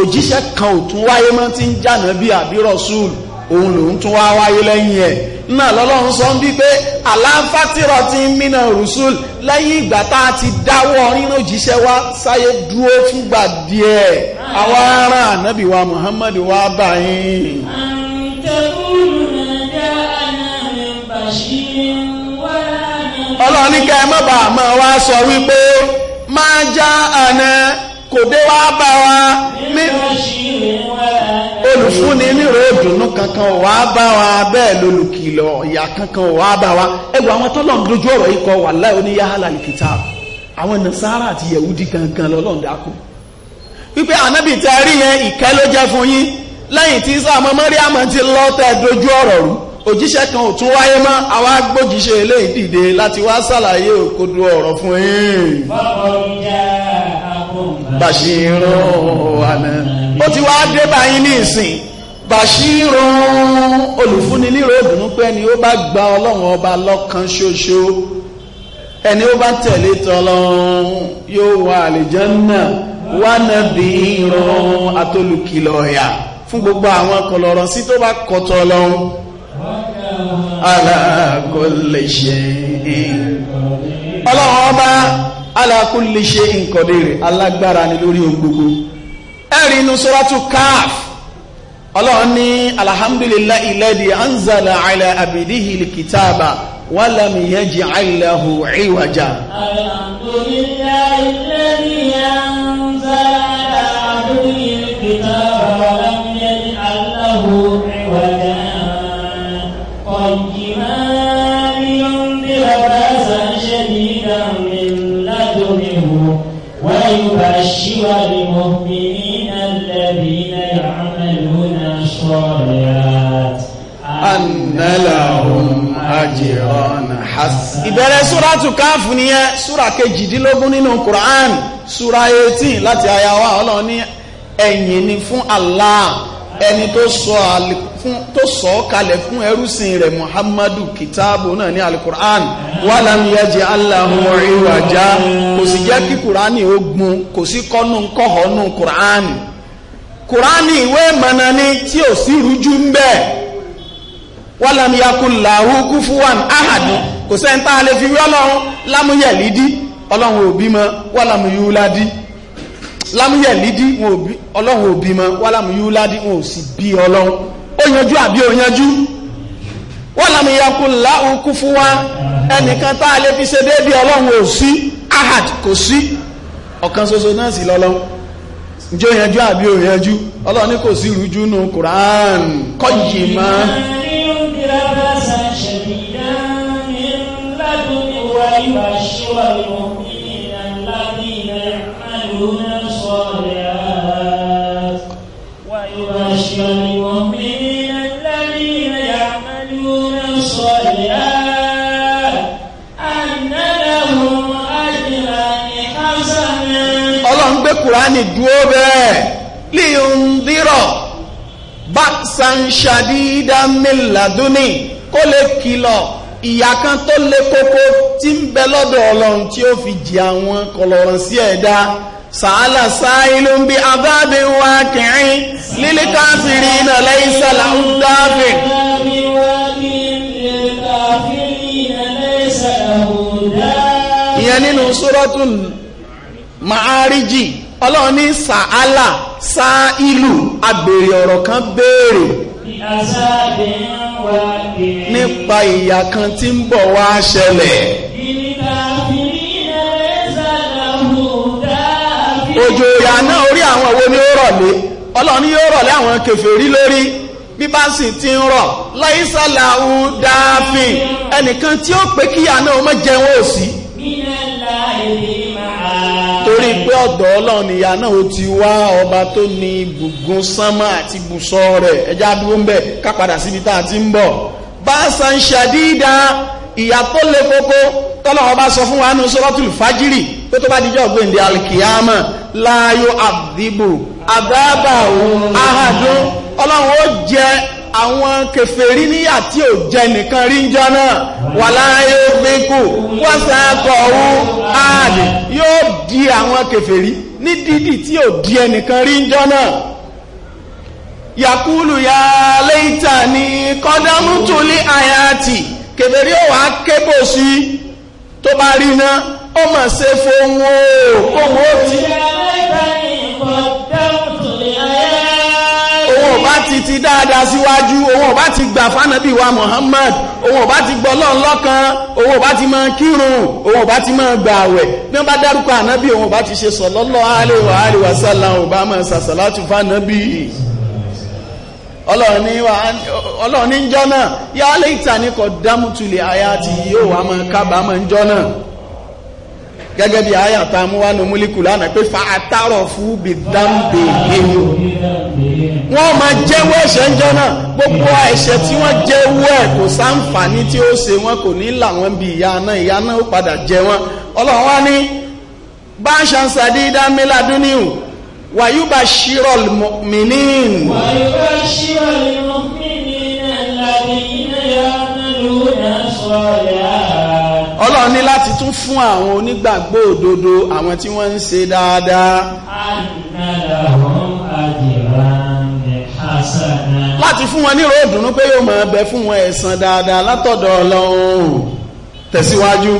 A: òjíṣẹ́ kan ò tún wáyé mọ́ tí ń jànàbì àbí rọ̀ṣùl òun lòun tún wá wáyé lẹ́yìn ẹ̀ náà lọ́lọ́run sọ ń bí pé aláǹfàtìrọ̀ ti ń mìnà rùsùl lẹ́yìn ìgbà tá a ti dáwọ́ nínú òjíṣẹ́ wa sáyé dúró fúngbà díẹ̀ àwa ará ànábì wa Muhammad wa bá yín.
B: ọlọ́ọ̀ni ká ẹ má bàa máa wá sọ wípé
A: máa já àná kò dé wá bá wa ní olùfúnni nírò ìdùnnú kankan ò wá bá wa bẹ́ẹ̀ lolùkìlọ̀ ìyà kankan ò wá bá wa ẹgbẹ́ àwọn tọ́lọ̀ ń dojú ọ̀rọ̀ yìí kọ wà láì oníyàhálà lìkìtà àwọn nasara àti yẹ̀wúdí gangan lọ́lọ́run dákú wípé ànábì tẹ rí yẹn ìkẹ́ ló jẹ́ fún yín lẹ́yìn tí sáà mọ́ mọ́ríàmọ́ ti lọ́ tẹ́ dojú ọ̀rọ̀ rú òjíṣẹ́ kan ò tún wáyé mọ́ àwa gbójíṣẹ́ eléyìí dìde láti wá sàlàyé òkodo ọ̀rọ̀ fún yín. bọ́ọ̀ jẹ́ bàṣírò àná ó ti wá dé báyìí ní ìsìn bàṣírò olùfúnni nírò òdùnú pé ẹni ó bá gba ọlọ́run ọba lọ́kan ṣoṣo ẹni ó bá tẹ̀lé tọlọ́run yóò wà àlìjánná wà nàbí ìran atolùkìlọ̀ ọ̀yà fún gbogbo àwọn kọlọ̀rọ̀ sí tó bá kọtọ̀ ọlọ́run alákọ̀ọ́lẹ̀ṣẹ̀ ọlọ́run ọba ala kulli shay'in qadir alágbára ni lórí ohun gbogbo ẹ̀rí inú suratu káf ọlọ́run ní alhamdulillahi alladhi anzala ala abidihi likitaba wa lam yaj'al lahu iwaja.
B: alhamdulillahi alladhi anzala.
A: lahum ajran hasan. ìbẹ̀rẹ̀ súrátù káàfù nìyẹn súrà kejìdínlógún nínú Quran súrà eighteen láti aya wa ọlọ́run ní ẹ̀yìn ni fún Allah ẹni tó sọ ọ́ kalẹ̀ fún ẹrúsìn rẹ̀ Muhammadu kitabu náà ní alukur'an walam yaj'al lahu iwaja kò sì jẹ́ kí kùránì ó gun kò sí kọ́nù kọ́họ́nù kùránì kùránì ìwé ìmọ̀nà ni tí ò wọ́lám yakunla hukú fúwàn ahadu kò sẹ́ńtà alẹ́ fi wí ọlọ́run lámúyẹ̀lídí ọlọ́run òbí mọ́ wọ́lám ma lámúyẹ̀lídí ọlọ́run òbí mọ́ wọ́lám wọn ò sì bí ọlọ́run ó yanjú àbí ó yanjú ẹnìkan tá alẹ́ fi ṣe déédéé ọlọ́run ò sí ahad kò sí ọ̀kan ṣoṣo náà sì lọlọ nje ó yanjú àbí ó yanjú ọlọ́run kò sí ìrújú
B: بأسا شديدا من لدن ويبشر المؤمنين الذين يعملون الصالحات ويبشر المؤمنين الذين يعملون الصالحات أن لهم أجرا حسنا. Ọlọ́run gbé
A: Kùránì dúró bẹ́ẹ̀ lè ń dírọ̀ báṣán ṣàdídá mẹ́làdúnì kó lè kìlọ̀ ìyà kan tó lé kókó tí ń bẹ lọ́dọ̀ ọlọ́run tí ó fi jì àwọn kọlọ̀rọ̀ sí ẹ̀dá sàálà sáìlú ń bí abábẹ́ wa kìrín lílé káfìrí iná lẹ́yìn sàlà ń dáfẹ́ ìyẹn nínú sórọ́tún màáríjì ọlọ́run sàálà sa ìlú abèrè ọ̀rọ̀ kan béèrè nípa ìyà kan tí ń bọ̀ wá ṣẹlẹ̀
B: òjò ìyà náà orí àwọn ni ó rọ̀
A: lé yóò rọ̀ àwọn lórí ti ń rọ̀ láìsàlà ń dáàfin ẹnìkan tí ó pé kíyà náà ó má jẹun òsì.
B: nínú
A: torí pé ọ̀dọ̀ ọlọ́run nìyà náà ó ti wá ọba tó ní gbùngbùn sánmà àti bùsọ rẹ̀ ẹjá dúró ń bẹ̀ ká padà síbi tá a ti ń bọ̀ bá san ṣàdídà ìyà tó le koko tọ́lọ́wọ́ bá sọ fún wa nínú sọ́rọ́tùlù fájírì tó tó bá dijọ́ gbèǹde alkiyama láàyò àdìbò àdábà ahàdùn ọlọ́run ó jẹ àwọn kèfèrí níyà tí ò jẹ nìkan rí ń jọ náà wà láàáyé fíkù wọ́n sáàkọ̀ ọ̀hún ààlè yóò di àwọn kèfèrí ní dídì tí ò di ẹnìkan rí ń jọ náà ya léìtà ni kọ́dámú túlé àyàtì kèfèrí ò wá kébò sí tó bá rí náà ó mà ṣe fohùn ó ti.
B: fi ti dáadáa síwájú òun ọ̀bá ti gbà fánàbí wa
A: Muhammad òun ọ̀bá ti gbọ́ lọ́n lọ́kan òun ọ̀bá ti máa kírun òun ọ̀bá ti máa gbà àwẹ̀ ní wọ́n bá dárúkọ ànábì òun ọ̀bá ti ṣe sọ̀lọ́lọ́ àlèwà àlèwà sálà ọ̀bá máa sàṣàlátù fánàbí ọlọ́ọ̀ni ń jọ́ náà yálé ìtàníkọ̀ dámútulẹ̀ àyà yóò wá máa kábàámọ̀ ń jọ́ náà gẹ́gẹ́ bí àyà tá a mú wá nu múlíkù lánàá pé fa àtàrọ̀ fún bí dáńbè èyí wọ́n máa jẹ́wọ́ ẹ̀ṣẹ̀ ń jọ́nà gbogbo ẹ̀ṣẹ̀ tí wọ́n jẹ́wọ́ ẹ̀ kò sáǹfààní tí ó ṣe wọn kò ní làwọn bí ìyá náà ìyá náà ó padà jẹ wọn ọlọ́run wá ní bá ń ṣàǹsàdí dámílà dúníù wàyúbà ṣírọ̀ mìnín. wàyúbà
B: ṣírọ̀ mìnín ẹ̀làdì ilẹ̀ yá náà sọ̀rọ̀ ọlọ́run ní láti
A: tún fún àwọn onígbàgbọ́ òdodo àwọn tí wọ́n ń ṣe dáadáa. láti fún wọn ní ròdùnú pé yóò máa bẹ fún wọn ẹ̀san dáadáa látọ̀dọ̀ ọlọ́run tẹ̀síwájú.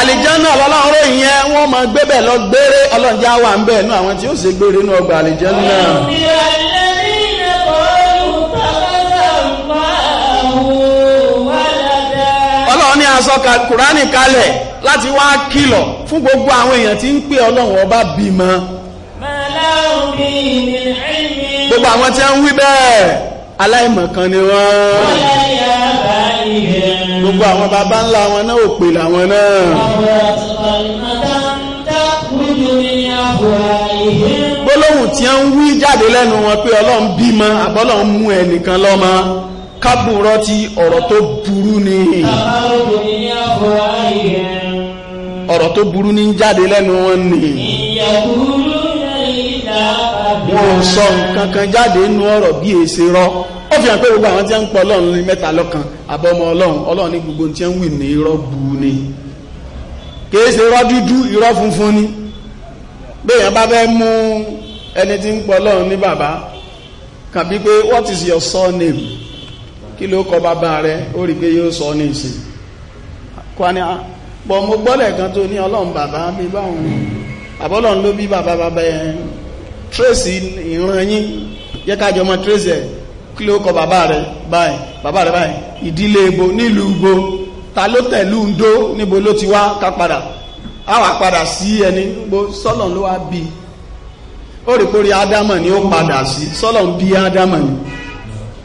B: àlìjáná ọlọ́run ròyìn yẹn
A: wọ́n máa gbébẹ̀ lọ gbére ọlọ́run já wà ń bẹ̀ nú àwọn tí ó ṣe gbére nú ọgbà àlìjáná. sọ kùránì kalẹ̀ láti wá kìlọ̀ fún gbogbo àwọn èèyàn tí ń pè ọlọ́run ọba bímọ.
B: gbogbo àwọn tí ń wí bẹ́ẹ̀
A: aláìmọ̀kan ni wọ́n. gbogbo àwọn baba ńlá wọn náà ò pè làwọn náà. gbólóhùn tí ń wí jáde lẹ́nu wọn pé ọlọ́run bímọ àbọ́lọ́run mú ẹnìkan lọ́mọ. kábùrọ́ ti ọ̀rọ̀ tó burú ni ọ̀rọ̀ tó burú ní jáde lẹ́nu wọn ni
B: wọn ò sọ nǹkan
A: kan jáde nínú ọ̀rọ̀ bí èsè rọ ó fi hàn pé gbogbo àwọn tí ń pọ̀ ọlọ́run ní mẹ́ta lọ́kan àbọ̀mọ ọlọ́run ọlọ́run ní gbogbo tí ń wì ní irọ́ bu ni kìí ṣe irọ́ dúdú irọ́ funfun ni béèyàn bá fẹ́ mú ẹni tí ń pọ̀ ọlọ́run ní bàbá kàbí pé what is your surname kí ló kọ bàbá rẹ ó rí pé yóò sọ ní ìsìn kwani bọ̀ mo gbọ́lẹ̀ kan tó ní ọlọ́run bàbá bí báwọn àbọ́lọ́run ló bí bàbá bàbá ẹ̀ tracy ìran yín jẹ́ tracy ẹ̀ kí ló kọ bàbá rẹ báyìí bàbá rẹ báyìí ìdílé ibo nílùú ibo ta ló tẹ̀lú ndó níbo ló ti wá ká padà á wà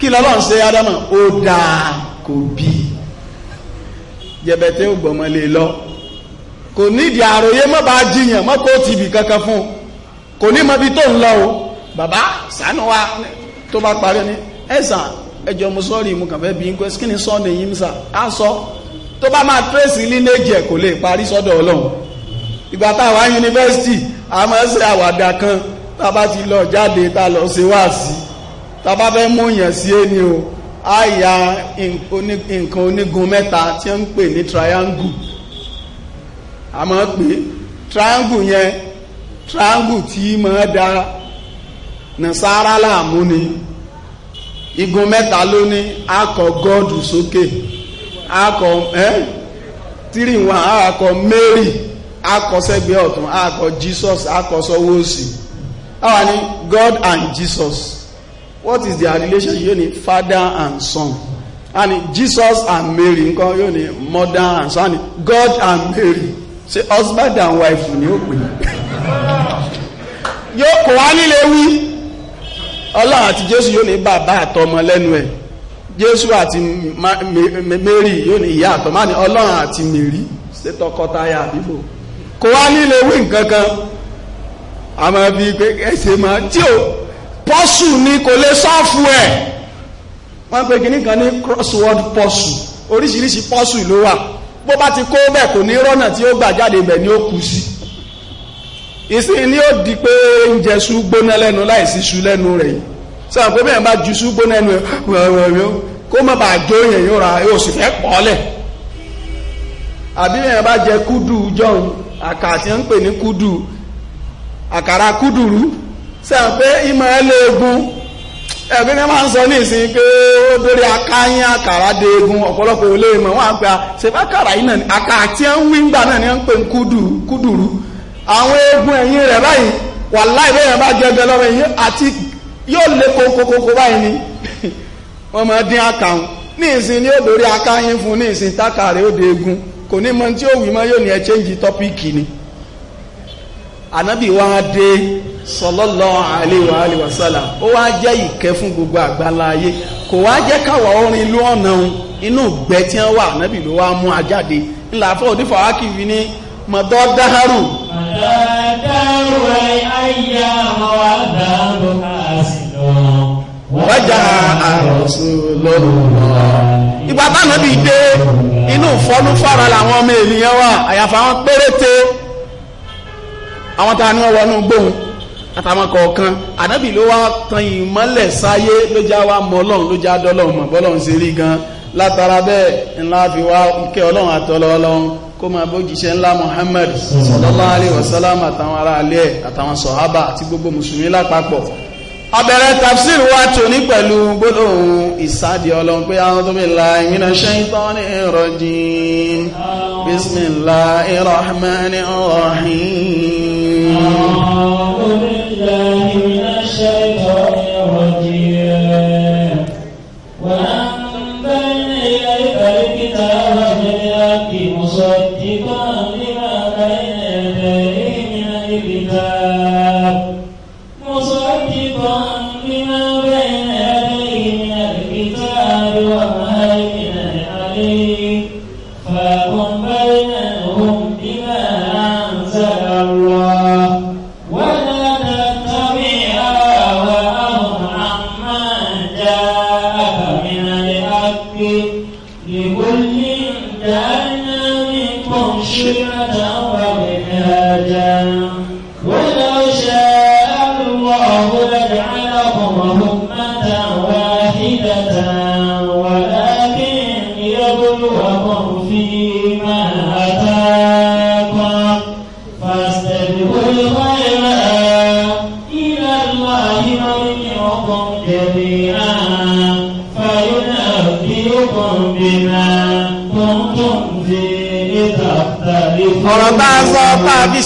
A: kí lọ́lọ́ ń ṣe ádámà ó dáa kò bí jẹbẹtẹ ò gbọmọlé lọ kò nídìí àròyé mọ́ bá jiyàn mọ́ kó tìbì kankan fún un kò ní mọ́bi tó ń lọ o bàbá ṣàánú wa tó bá parí ní ẹ̀sán ẹjọ́ mo sọ́ọ̀rì mo kàn fẹ́ bí n kó skin sọ́ọ̀ ní yín sà á sọ tó bá máa tírèsì líléèjì ẹ̀ kò lè parí sọ́dọ̀ ọlọ́run ìgbà táwa yunifásitì àmọ́ ṣe àwàdà kan tá a bá ti lọ jáde tá a lọ ṣe wáàsí tàbá fẹ́ mú yàn sí ẹni o a ya nǹkan onígun mẹ́ta tí ń pè ní triangle a máa pè triangle yẹn triangle tí máa da nasara láàmú ni igun mẹ́ta ló ní akọ gọ́ọ̀dù sókè akọ ẹ́ tírì wọn akọ Mary akọ sẹ́gbẹ̀ẹ́ ọ̀tún akọ Jesus akọ sọ́wọ́sì àwa ni God and Jesus what is their relation yóò ní father and son and Jesus and Mary nǹkan yóò ní mother and son and God and Mary say husband and wife ni ó pè yóò kò wá nílé wí ọlọ́run àti Jésù yóò ní bàbá àtọmọ lẹ́nu ẹ̀ Jésù àti Mary yóò ní ìyá àtọmọ ní ọlọ́run àti Mary ṣe tọkọtaya àbíbò kò wá nílé wí nǹkan kan àmọ́ bíi pé ẹ̀ṣẹ̀ máa tí ò pọ́sù ni kò lè sọ́ọ̀fù ẹ̀ wọ́n pe kìíní kan ní crossword pọ́sù oríṣiríṣi pọ́sù ló wà bó bá ti kó bẹ́ẹ̀ kò ní rọ́nà tí ó gbà jáde bẹ̀ ni ó kù sí ìsìn ni ó di pé oúnjẹ sú gbóná lẹ́nu láìsí sú lẹ́nu rẹ̀ sọ̀rọ̀ pé bẹ́ẹ̀ bá ju sú gbóná ẹnu ẹ̀ ah, kó má bàa jó yẹn yóò ra yóò sì fẹ́ pọ̀ ọ́lẹ̀ àbí bẹ́ẹ̀ bá jẹ kúdù jọ̀hún àkà tí ń pè ní kúdù àkàrà kúdùrú ṣe pé ìmọ̀ ẹ lé egun ẹ̀gbẹ́ ní máa ń sọ ní ìsìn pé ó dórí àkàrà egun ọ̀pọ̀lọpọ̀ kàrà náà ń wí náà ni ẹ ń pè ń kúdùrú àwọn egun ẹ̀yìn rẹ̀ báyìí wà láì bẹ́ẹ̀ yẹn bá jẹ́ bẹ́ẹ̀ lọ́wọ́ yìí àti yóò lé ni wọ́n máa dín àkàrùn ní ìsìn ni ó dórí akáyín fún ní ìsìn tákàrà ó dé egun kò ní mọ ni sallallahu alaihi wa alihi wa sallam ó wá jẹ́ ìkẹ́ fún gbogbo àgbàlá ayé kò wá jẹ́ káwà orin ló ọ̀nà inú gbẹ tí wọ́n wà nábì ló wá mú ajáde ńlá fún onífọ̀ akíbi ní mọ̀tọ́ dáhàrù. mọ̀tọ́ dáhàrù ayé àwọn àdàrú àṣìlọ wájà àròsù lọ́rùn. ìgbà táwọn bí dé inú fọnú fara làwọn ọmọ ènìyàn wà àyàfà wọn péréte àwọn tá a ní wọn wọnú gbóhùn àtàwọn kọ̀ọ̀kan ànábì ló wá tan ìmọ́lẹ̀ sáyé ló já wá mọ ọlọ́run ló já dọ́lọ́run mọ̀ bọ́lọ́run ṣe rí gan látara bẹ́ẹ̀ ńlá fi wá kẹ́ ọlọ́run àtọ́lọ́ ọlọ́run kó máa bójíṣẹ́ ńlá Muhammad sallallahu alaihi wasallam àtàwọn ará alẹ́ àtàwọn sọ̀hábà àti gbogbo mùsùlùmí lápapọ̀ ọ̀bẹ̀rẹ̀ tafsir wa tòní pẹ̀lú gbólóhùn ìsádi ọlọ́run pé a'udhu billahi minash shaitanir rajim bismillahir rahmanir rahim a'udhu billahi minash shaitanir rajim
B: wa anzalna ilayka al-kitaba bil-haqqi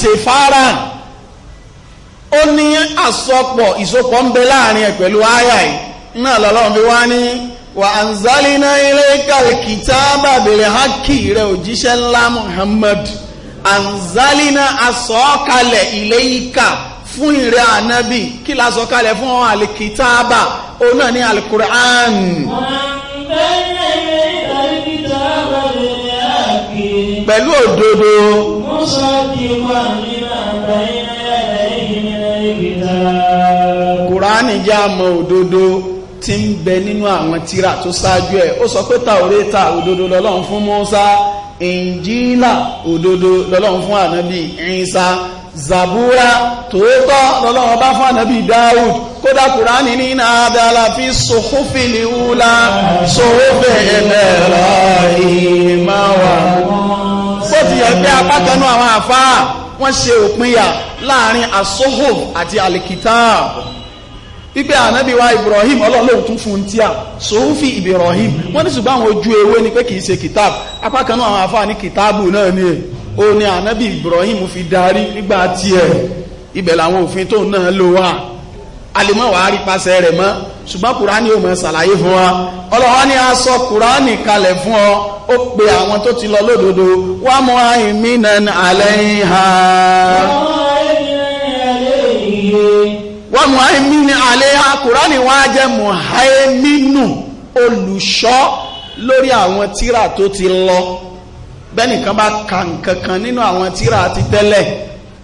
A: ṣe fáran ó ní àsopọ̀ ìsopọ̀ ń bẹ láàrin ẹ̀ pẹ̀lú àyà yìí náà lọ́lọ́run fi wá ní wà anzalina ilayka alkitaba bil haqqi rẹ̀ òjíṣẹ́ ńlá Muhammad anzalina asọ́kalẹ̀ ilayka fún ìrẹ́ ànábì kí la sọ̀kalẹ̀ fún àwọn àlìkìtáàbà òun náà ní alukur'an. pẹ̀lú òdodo. Musa ti wà nínú àtàyè ẹ̀yìn ìgbìta. Kùránì jẹ́ àmọ́ òdodo tí ń bẹ nínú àwọn tírà tó ṣáájú ẹ̀. Ó sọ pé Tàórẹ́tà òdodo lọ́lọ́run fún Musa, Ìnjílà òdodo lọ́lọ́run fún ànábì Ìsá zabura tòótọ́ lọ́lọ́wọ́ bá fún ànàbí dáúd kódà kùránì ní náà dára fi sòhófìlì wúlá sòhófì ẹ̀nà apákanú àwọn àfáà wọ́n ṣe òpinya láàrin asóhò àti alikitaabu wípé ànábì wa ibrahim ọlọ́lọ́hùn tún fún tí a sòúfì ibrahim wọ́n ní ṣùgbọ́n àwọn ojú ewé ni pé kìí ṣe kìtàbù apákanú àwọn àfáà ní kìtàbù náà ni ó ní ànábì ibrahim fi darí nígbà tiẹ̀ ibẹ̀ làwọn òfin tóun náà lò wá alimọ̀ wàá rí pasẹ̀ rẹ̀ mọ́ ṣùgbọ́n kùránì ò mọ̀ ṣàlàyé fún wa ọlọ́wọ́ ni a sọ kùránì kalẹ̀ fún ọ ó pe àwọn tó ti lọ lódodo wà mọ́ àìmínàn àlẹ́yìn ha wà mọ́ àìmínàn àlẹ́yìn ha kùránì wọ́n á jẹ́ mọ́ àìmínù olùṣọ́ lórí àwọn tíra tó ti lọ bẹ́nìkan bá ka nǹkan kan nínú àwọn tíra ti tẹ́lẹ̀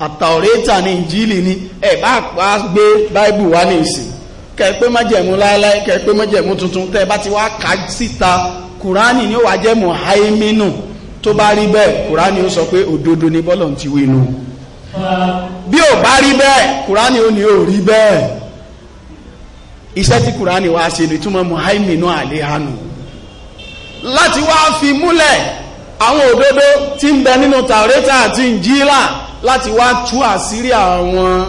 A: àtàwọ̀rẹ́ta ní ìjílì ni ẹ̀ bá gbé báíbù wá ní ìsìn kẹ̀pẹ́ májẹ̀mú láéláé kẹ̀pẹ́ májẹ̀mú tuntun tẹ́ bá ti wá kà síta kùránì ni ó wà jẹ́ mọ̀háímínù tó bá rí bẹ́ẹ̀ kùránì ó sọ pé òdodo ni bọ́lọ̀ ti wínú bí ò bá rí bẹ́ẹ̀ kùránì ó ní ò rí bẹ́ẹ̀ iṣẹ́ tí kùránì wá ṣe lè túnmọ̀ mọ̀háímínù àléhánù láti wá fi múlẹ̀ àwọn òdodo tí ń bẹ nínú tàrétà àti ìnjílà láti wá tú àṣírí àwọn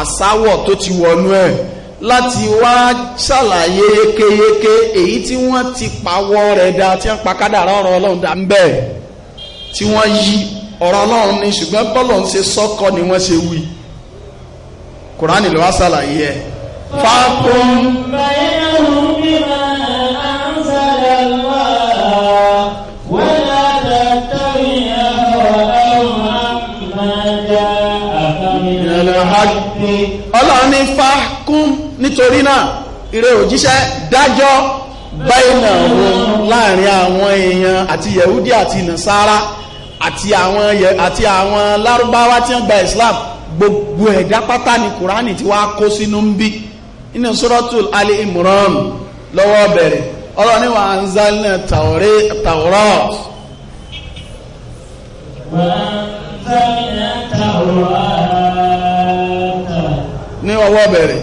A: àsáwọ̀ tó ti wọnú ẹ̀ láti wá ṣàlàyé yékéyéké èyí tí wọ́n ti pawọ́ rẹ̀ dá tí wọ́n pa kádàrá ọ̀rọ̀ ọlọ́run dá ń bẹ́ẹ̀ tí wọ́n yí ọ̀rọ̀ ọlọ́run ni ṣùgbọ́n bọ́lọ̀ ń ṣe sọ́kọ ni wọ́n ṣe wí kùránì ló wá ṣàlàyé ẹ̀.
B: fàákùn bàyẹ̀ ọ̀hún bí wàá àǹsàlẹ̀ wàá wọ́n yàtọ̀ tọ́yìn.
A: ọlọ́run ní fákún nítorí náà ìrẹ òjíṣẹ́ dájọ́ báyìí àwọn láàrin àwọn èèyàn àti yẹ̀húdí àti nàṣàrà àti àwọn àti àwọn lárúbáwá tí wọ́n gba islam gbogbo ẹ̀dá pátá ni kùránì tí wàá kó sínú ń bí inú suratul ali imran lọ́wọ́ bẹ̀rẹ̀ ọlọ́ni wa anzalna tawrat ní ọwọ́ bẹ̀rẹ̀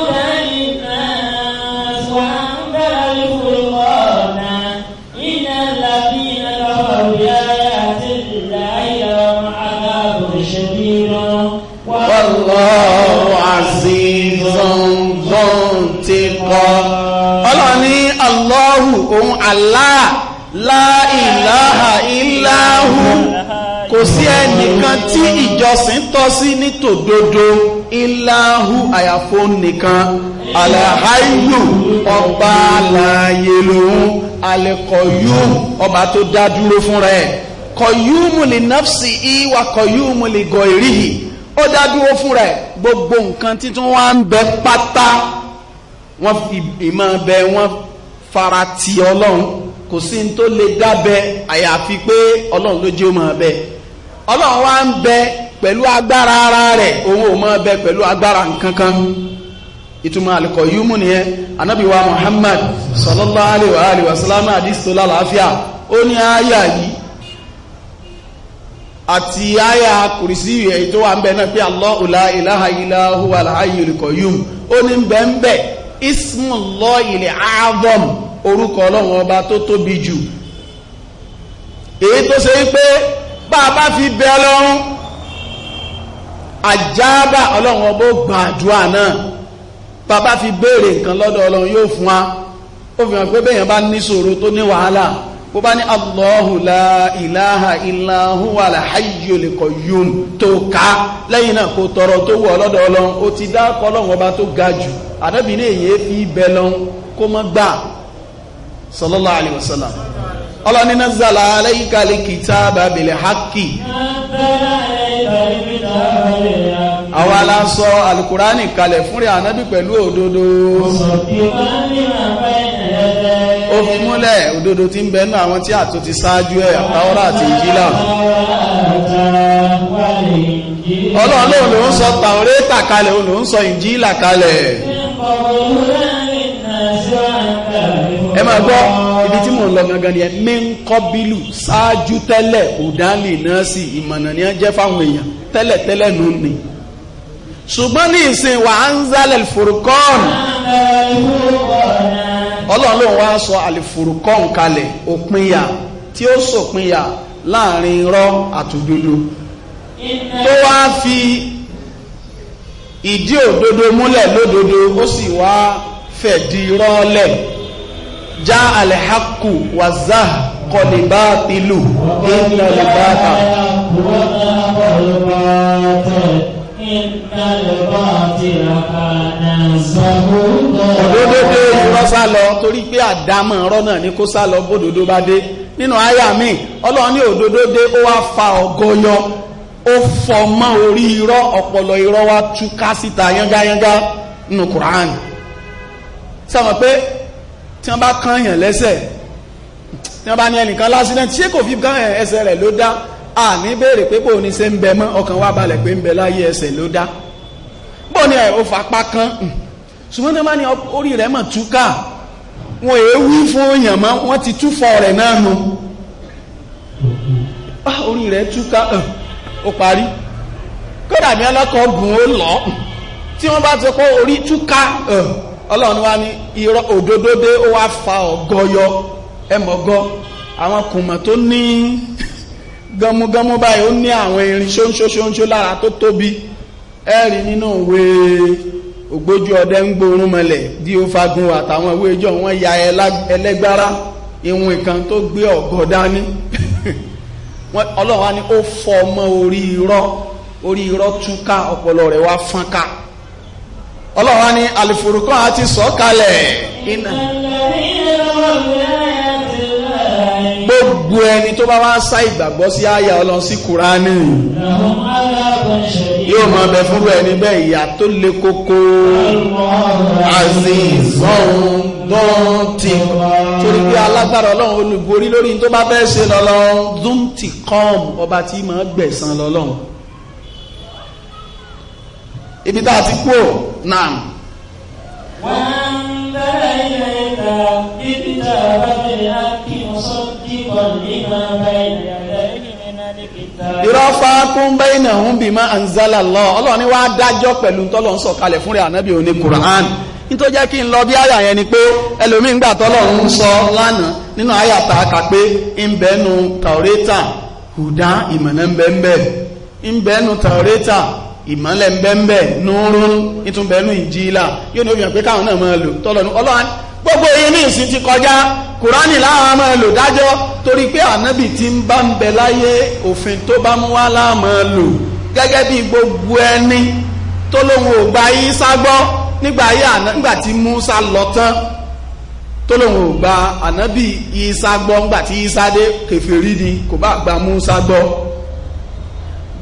A: òun Allah la ilaha illahu kò sí ẹnìkan tí ìjọsìn tọ́ sí ní tòdodo illahu àyàfó nìkan alahayu ọba alààyè lòun alẹ́kọ̀ọ́yù ọba tó dá dúró fúnra ẹ̀ kọ̀yúmù lè nọ́fsì ìwà kọ̀yúmù lè gọ̀ ìríhì ó dá dúró fúnra ẹ̀ gbogbo nǹkan títún wá ń bẹ pátá wọ́n fi ìmọ̀ bẹ wọ́n Farati ti ọlọ́run kò sí ní tó lè dábẹ àyàfi pé ọlọ́run ló jẹ́ ó máa bẹ ọlọ́run wá ń bẹ pẹ̀lú agbára ara rẹ̀ òun ò máa bẹ pẹ̀lú agbára nkankan ìtumọ̀ àlùkò yúmù nìyẹn anábì wa Muhammad sallallahu alayhi wa alayhi wa sallam àdìsí tó lálàáfíà ó ní àyà yìí àti àyà kùrìsí èyí tó wà ń bẹ náà pé Allahu la ilaha illa huwal hayyul qayyum ó ní ń ń bẹ ismullahi li azam orúkọ ọlọ́run ọba tó tóbi jù èyí tó ṣe pé bá a bá fi bẹ ọlọ́run àjábà ọlọ́run ọba ó gba náà bá a bá fi béèrè nǹkan lọ́dọ̀ ọlọ́run yóò fún wa ó fi hàn pé bẹ́ẹ̀ yẹn bá ní ṣòro tó ní wàhálà bó bá ní Allahu la ilaha illa huwa al-hayyul qayyum tó ká lẹ́yìn náà kò tọrọ tó wù ọlọ́dọ̀ ọlọ́run ó ti dá kọlọ́run ọba tó ga jù àdẹ́bì ní èyí fi ibẹ̀ lọ́n kó mọ́ gbà sallallahu alayhi wa sallam ọlọ́ni nazzala alayka al-kitaba bil-haqqi alukurani kalẹ̀ fúnra ànábì pẹ̀lú òdodo. sọ̀tì bá mi
B: àbá ẹ̀ ó fi múlẹ̀
A: òdodo tí ń bẹnu àwọn tí àtò ti ṣáájú ẹ̀ àtàwọ́rà àti ìjìlá ọlọ́run ló ń sọ tàwọ́rẹ́tà kalẹ̀ òun ló ń sọ ìjìlá kalẹ̀ ẹ máa gbọ́ ibi tí mò ń lọ gangan ni ẹ mi ń kọ́ bílù ṣáájú tẹ́lẹ̀ òdálì náà sì ìmọ̀nà ni ẹ fáwọn èèyàn tẹ́lẹ̀ tẹ́lẹ̀ nù ni ṣùgbọ́n ní ìsìn wà ń zálẹ̀ fòrùkọ́ọ̀nù ọlọ́run ló wá sọ àlìfòrúkọ́n kalẹ̀ òpinya tí ó sòpinya láàrin irọ́ àtòdodo tó wá fi ìdí òdodo múlẹ̀ lódodo ó sì wá fẹ̀dí irọ́ já alẹ́hàkù wàzà kọlìbá pìlù nínú ìbáta òdodo sá lọ torí pé àdámọ̀ ọ̀rọ̀ náà ni kó sá lọ bódodo bá dé nínú àyà mi ọlọ́run ní òdodo dé ó wá fa ògo ó fọ mọ́ orí irọ́ ọ̀pọ̀lọ̀ irọ́ wá túká síta yángayángá nínú kùránì sọmọ pé tí wọ́n bá kàn yàn lẹ́sẹ̀ tí wọ́n bá ní ẹnìkan lásìdẹ́ntì ṣé kò fi kàn yàn ẹsẹ̀ rẹ̀ ló dá a ní béèrè pé bóò ní sẹ́ ń bẹ mọ́ ọkàn wa balẹ̀ pé ń bẹ láyé ẹsẹ̀ ló dá bóò ní ẹ̀ ó fapá kán ṣùgbọ́n tó bá ní orí rẹ̀ mọ̀ túká wọn èé wí fún òyìn mọ́ wọ́n ti túfọ̀ rẹ̀ náà nu ah, orí rẹ̀ túká eh, ó parí kódà bí ọlọ́kọ̀ gùn ó lọ tí wọ́n bá ti kó orí túká eh, ọlọ́run wá ní irọ́ òdòdódé ó wá fa ọ̀gọ́yọ ẹmọ̀gọ́ àwọn kùmọ̀ tó ní gọmúgọmú báyìí ó ní àwọn irin ṣóńṣóńṣó lára tó tóbi ẹ̀rí nínú òwe ògbójú ọdẹ ń gbóorún mọlẹ di o fagun àtàwọn ìwé ìjọ wọn ya ẹlẹ́gbára ìwọ̀n kan tó gbé ọgọ dání [laughs] ọlọ́run á ní ó fọ́ ọmọ orí irọ orí irọ túká ọpọlọ rẹ̀ wá fọ́nká ọlọ́run á ní àlùfòrúkọ́ àti sọ̀kalẹ̀. ìnà gbogbo ẹni tó bá wá sá ìgbàgbọ́ sí àyà ọlọ́run sí kùránì yóò máa bẹ fún ẹni bẹ́ẹ̀ ìyà tó le koko àzìzọ́hún dọ́ọ̀tì torí pé alágbára ọlọ́run olùborí lórí tó bá fẹ́ ṣe lọ́lọ́run dúntì kọ́ọ̀mù ọba tí máa gbẹ̀san lọ́lọ́run ibi tá a ti kú ò náà. wọ́n ń bẹ́ẹ̀ yẹn ta ibi tá a bá
B: fi hàn kí wọ́n sọ́kùn
A: ìrọ́fà kún bẹ́yìn náà ń bì má anzala lọ ọlọ́run ni wàá dájọ́ pẹ̀lú tọ́lọ́ ń sọ̀kalẹ̀ fún rẹ̀ ànábì òní Qur'an nítorí jẹ́ kí n lọ bí àyà yẹn ni pé ẹlòmíín gbà tọ́lọ́ ń sọ lánàá nínú àyà tá a kà pé ìbẹ́nu tàórẹ́tà hùdá ìmọ̀nà ńbẹ́ńbẹ́ ìbẹ́nu tàórẹ́tà ìmọ̀lẹ̀ ńbẹ́ńbẹ́ nùrún ìtúnbẹ́nu ìjìlá yóò ní gbogbo èyí ní ìsìn ti kọjá kùránì láwọn a máa lò dájọ́ torí pé ànábì ti ń bá ń bẹ láyé òfin tó bá mú wá láwọn máa lò gẹ́gẹ́ bí gbogbo ẹni tó lóun ò gba Ìsá gbọ́ nígbà ayé nígbà tí Musa lọ tán tó lóun ò gba ànábì Ìsá gbọ́ nígbà tí Ìsá dé kèfèrí ni kò bá gba Musa gbọ́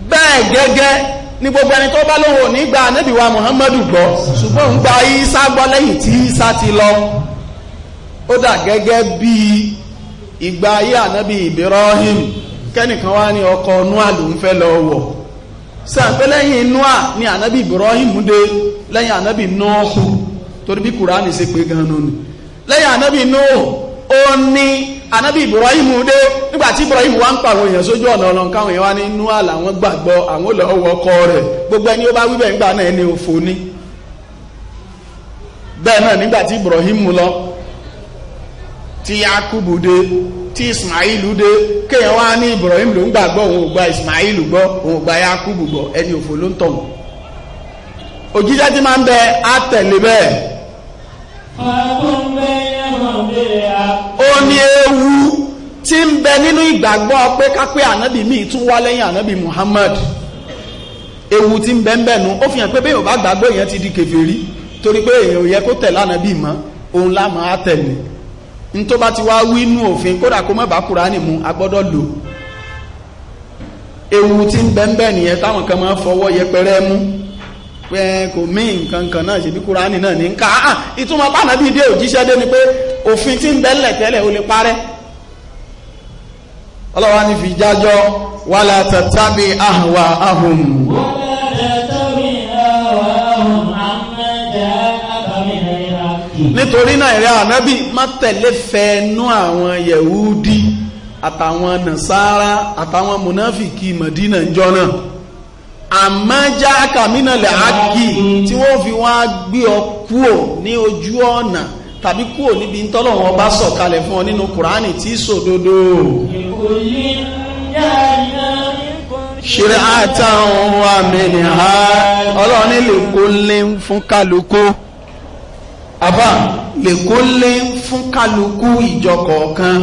A: bẹ́ẹ̀ gẹ́gẹ́ ní gbogbo ẹni tó bá lóhùn ní gba ànábì wa Muhammadu gbọ́ ṣùgbọ́n ń gba Ìsá gbọ́ lẹ́yìn tí Ìsá ti lọ ó dà gẹ́gẹ́ bí ìgbà ayé ànábì Ibrahim kẹ́nìkan wá ní ọkọ̀ Nóà ló ń fẹ́ lọ wọ̀ sàpẹ́ lẹ́yìn Nóà ni ànábì Ibrahim dé lẹ́yìn ànábì Nóòhù torí bí Kùránì ṣe pé ni lẹ́yìn ànábì Nóòhù ó ní ànábì wá ń pa àwọn èèyàn sójú ọ̀nà káwọn èèyàn wá ní náà ni lọ tí Yakubu dé tí Ismailu dé kéèyàn wá ní Ibrahim ló ń gbàgbọ́ òun ò gba Ismailu gbọ́ òun ò gba Yakubu gbọ́ ẹni òfò ló ń tọ̀ wọ́n òjíṣẹ́ tí máa ń bẹ àtẹ̀lé bẹ́ẹ̀. ó ní ewu tí ń bẹ nínú ìgbàgbọ́ pé kápẹ́ ànábì míì tún wá lẹ́yìn ànábì Muhammad ewu tí ń bẹ ń bẹ nu ó fi hàn pé bẹ́ẹ̀ ò bá gbàgbọ́ èèyàn ti di kèfèrí torí pé èèyàn ò yẹ kó tẹ̀lé ànábì mọ́ òun lá máa tẹ̀lé ní tó bá ti wá wí nú òfin kódà kó má bá kúránì mu a gbọ́dọ̀ lò ewu tí ń bẹ́ńbẹ́ nìyẹn táwọn kan máa fọwọ́ yẹpẹrẹ mú pé kò mí nǹkan kan náà ṣe bí kúránì náà ní ń ka á ah, ìtumọ̀ bánà bíi dé òjíṣẹ́ dé ni pé òfin tí ń bẹ́ńlẹ̀ tẹ́lẹ̀ ó lè parẹ́ ọlọ́wà fi jájọ́ wàlá tàtàbí àhùwà ahùn. nítorí náà ẹ̀rẹ́ ànábì má tẹ̀lé fẹ́ẹ́nú àwọn yẹ̀wúdí àtàwọn nàṣàrà àtàwọn mùnáfìkì mọ̀dínà ńjọ́ náà àmọ́ já kàmínà lè ákì tí wọ́n fi wá gbé ọ kúò ní ojú ọ̀nà tàbí kúò níbi tọ́lọ̀wọ́n bá sọ̀kalẹ̀ fún ọ nínú kùránì tí sòdodo ṣeré àtàwọn wà mẹ́rin ha ọlọ́run lè kó lé fún kálukú àbá lè kó lé fún kálukú ìjọ kọ̀ọ̀kan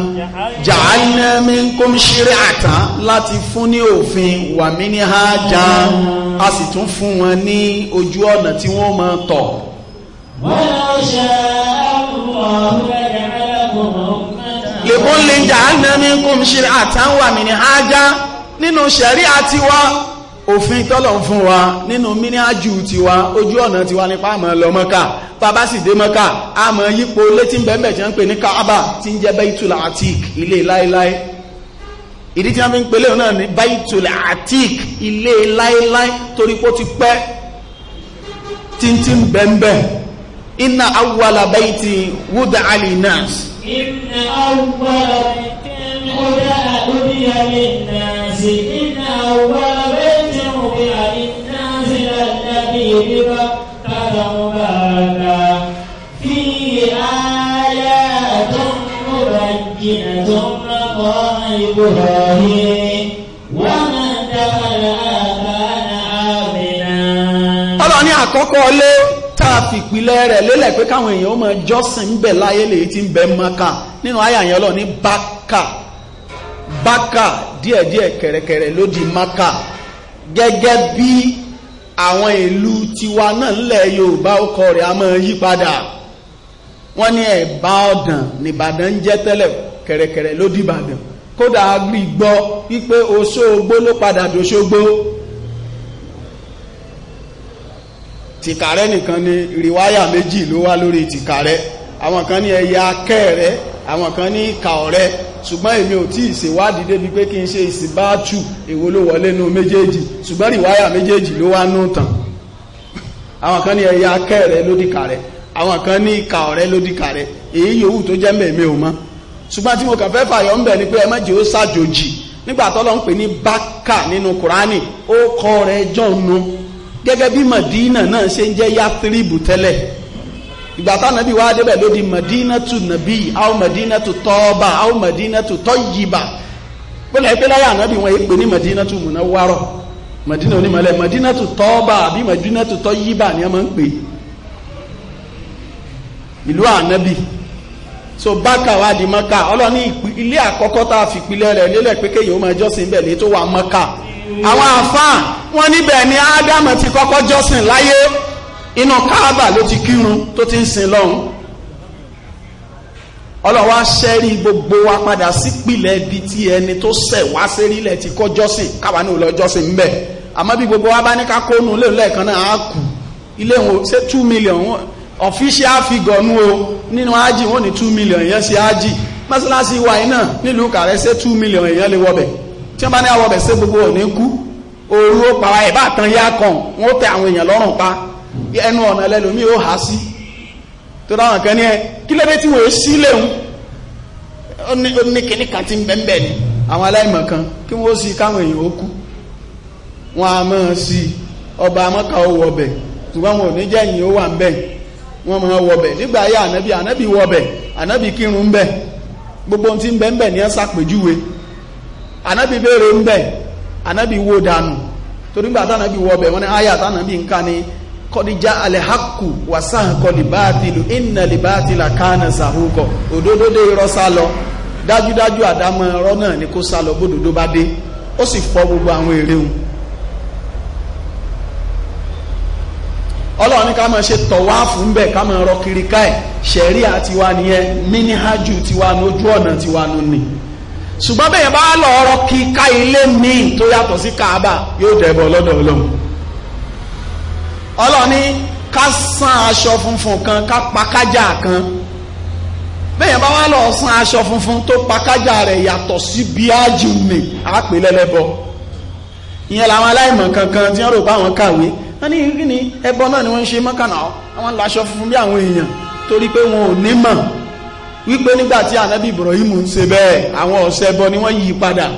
A: jàánà mi ń kó ń ṣeré àtàn láti fún ní òfin wà mí ní hájà a sì tún fún wọn ní ojú ọ̀nà tí wọ́n máa tọ̀. wọ́n lọ ṣe àkùrọ̀ ọ̀rẹ́
B: lèkún lè jà ánàmí
A: kún ṣe àtàwà mìí hájá nínú ṣẹ̀rí àti òfin tọ́lọ̀ ń fún wa nínú mínájú tiwa ojú ọ̀nà tiwa nípa àmọ́ lọ mọ́ká bàbá sì dé mọ́ká àmọ́ yípo létí bẹ́ẹ̀bẹ̀ tí wọ́n ń pè ní káábà tí ń jẹ́ baitul atik ilé láéláé ìdí tí wọ́n fi ń pelé náà ní baitul atik ilé láéláé torí pé ó ti pẹ́ tíntín bẹ́ẹ̀bẹ̀ inna awwala baiti wuda ali nas.
B: inna awwala baiti wuda ọlọ́ni
A: àkọ́kọ́ lé tá a fìpìlẹ̀ rẹ̀ lélẹ̀ pé káwọn èèyàn máa jọ́sìn ń bẹ láyé lèyí tí ń bẹ maka nínú àyà yẹn ọlọ́ni bákà bákà díẹ̀díẹ̀ kẹ̀rẹ̀kẹ̀rẹ̀ ló di maka gẹ́gẹ́ bí àwọn ìlú tiwa náà ńlẹ̀ Yorùbá ọkọ rẹ̀ a máa yí padà wọ́n ní ẹ̀bá ọ̀dàn nìbàdàn ń jẹ́ tẹ́lẹ̀ kẹ̀rẹ̀kẹ̀rẹ̀ ló dìbàdàn kódà agbí gbọ́ wípé Òṣogbo ló padà dòṣogbo tìkàrẹ́ nìkan ni rìwáyà méjì ló wá lórí tìkàrẹ́ àwọn kan ní ẹ̀yà kẹ́ẹ̀rẹ́ àwọn kan ní ìkà ṣùgbọ́n èmi ò tí ìṣèwádìí débi pé kí n ṣe ìsìnbáàtù èwo ló wọlé nú méjèèjì ṣùgbọ́n rìwáyà méjèèjì ló wá nú tàn àwọn kan ní ẹ̀yà akẹ́ rẹ lódìkà rẹ àwọn kan ní ìka ọ̀rẹ́ lódìkà rẹ èyí yòówù tó jẹ́ mẹ́ẹ̀mí ò mọ́ ṣùgbọ́n tí mo kàn fẹ́ fàyọ̀ ń bẹ̀ ni pé ẹ má jẹ́ ó ṣàjòjì nígbà tọ́lọ́ ń pè ní bákà nínú kùránì ó kọ́ rẹ jọ̀ọ́nu gẹ́gẹ́ bí mọ̀dínà náà ṣe ń jẹ́ yátrìbù tẹ́lẹ̀ ìgbà tá nàbí wá débẹ̀ ló di madinatu nàbí àwọn madinatu tọ́ọ̀bà àwọn madinatu tọ́yìbà pẹ̀lú ẹgbẹ́ láyà nàbí wọn èpè ní madinatu munawwarọ̀ madina onímọ̀lẹ́ madinatu tọ́ọ̀bà àbí madinatu tọ́yìbà ni a máa ń pè ìlú ànábì so bákà wá di mọ́kà ọlọ́ni ilé àkọ́kọ́ tá a fìpilẹ̀ rẹ̀ lélẹ̀ pé kéèyàn ó máa jọ́sìn bẹ̀ lé tó wà mọ́kà àwọn àfáà wọn níbẹ̀ ni ádámù ti kọ́kọ́ jọ́sìn láyé inú káàbà ló ti kírun tó ti ń sin lọ́hun ọlọ́wọ́ aṣẹ́rí gbogbo wa padà sípìlẹ̀ ibi tí ẹni tó ṣẹ̀ wá sérílẹ̀ ti kọ́ jọ́sìn káwa ní òlọ́ jọ́sìn ń bẹ̀ àmọ́ bí gbogbo wa bá ní ká kónú lẹ́ẹ̀kan náà á kù ilé wọn ṣé two million official figure nu o nínú ájì wọn ní two million èèyàn ṣe ájì mọ́ṣáláṣí wa iná nílùú kàrẹ́ ṣé two million èèyàn lè wọbẹ̀ tí wọ́n bá ní àwọ̀bẹ̀ ṣé gbogbo ò ní kú òru ó pa ẹ̀ bá tan yá kan wọ́n tẹ àwọn èèyàn lọ́rùn pa ẹnu ọ̀nà ẹlẹ́lòmí ó o sí tó dáwọn kan ní ẹ kí lẹ́dẹ́ tí wọ́n sí léhun ó ní kíní kan tí ń bẹ́ẹ̀ ni àwọn aláìmọ̀ kan kí wọ́n sí káwọn èèyàn ó kú a máa sí ọba amọ́ka ó wọbẹ̀ ṣùgbọ́n wọn ò ní jẹ́ ìyìn ó wà ń bẹ̀ wọn máa wọbẹ̀ nígbà ayé ànábì ànábì ànábì kírun gbogbo ohun tí ń bẹ́ẹ̀ ẹ sàpèjúwe ànábì béèrè ń bẹ̀ ànábì dànù torí gbà ni ayé kọ́díjá alẹ́hàkù wà sáàkọ́ libáàtìlù iná libáàtìlà kánà sàhúkọ̀ òdódódé irọ́ sá lọ dájúdájú àdámọ́ ọ̀rọ̀ náà ni kó sá lọ bódòdó bá dé ó sì fọ́ gbogbo àwọn ọlọ́run ká máa ṣe ká máa rọ kiri tiwa nìyẹn tiwa ní ojú ọ̀nà nù ṣùgbọ́n bẹ́ẹ̀ bá ilé tó yàtọ̀ sí káàbà ọlọ́ni ká sán aṣọ funfun kan ká pa kájà kan bẹ́yẹn bá wá lọ sán aṣọ funfun tó pa kájà rẹ̀ yàtọ̀ sí bíájì nì àápè ìyẹn làwọn aláìmọ̀ kankan tí wọ́n rò pé àwọn kàwé wọ́n ní kí ni ẹbọ náà ni wọ́n ń ṣe mọ́kànnà àwọn laṣọ funfun bí àwọn èèyàn torí pé wọn ò ní mọ̀ wípé nígbà tí ànábì Ibrahim ń ṣe bẹ́ẹ̀ àwọn ọ̀sẹ̀ bọ ni wọ́n yí padà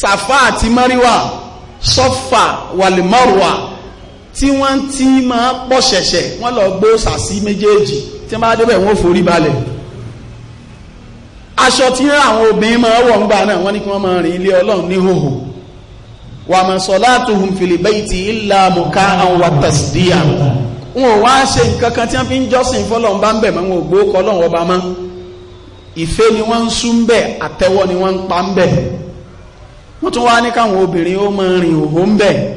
A: Safa àti Mariwa Sofa wàlímọ́rùwà tí wọ́n ti máa pọ̀ ṣẹ̀ṣẹ̀ wọ́n lọ gbó sàsí méjèèjì tí wọ́n bá débẹ̀ wọ́n forí balẹ̀ aṣọ tí àwọn obìnrin máa wọ̀ ńgbà náà wọ́n ní kí wọ́n máa rìn ilé ọlọ́run ní hòhò wà mọ̀ àwọn wọn tí wọ́n fi ń jọ́sìn fọlọ́run bá ń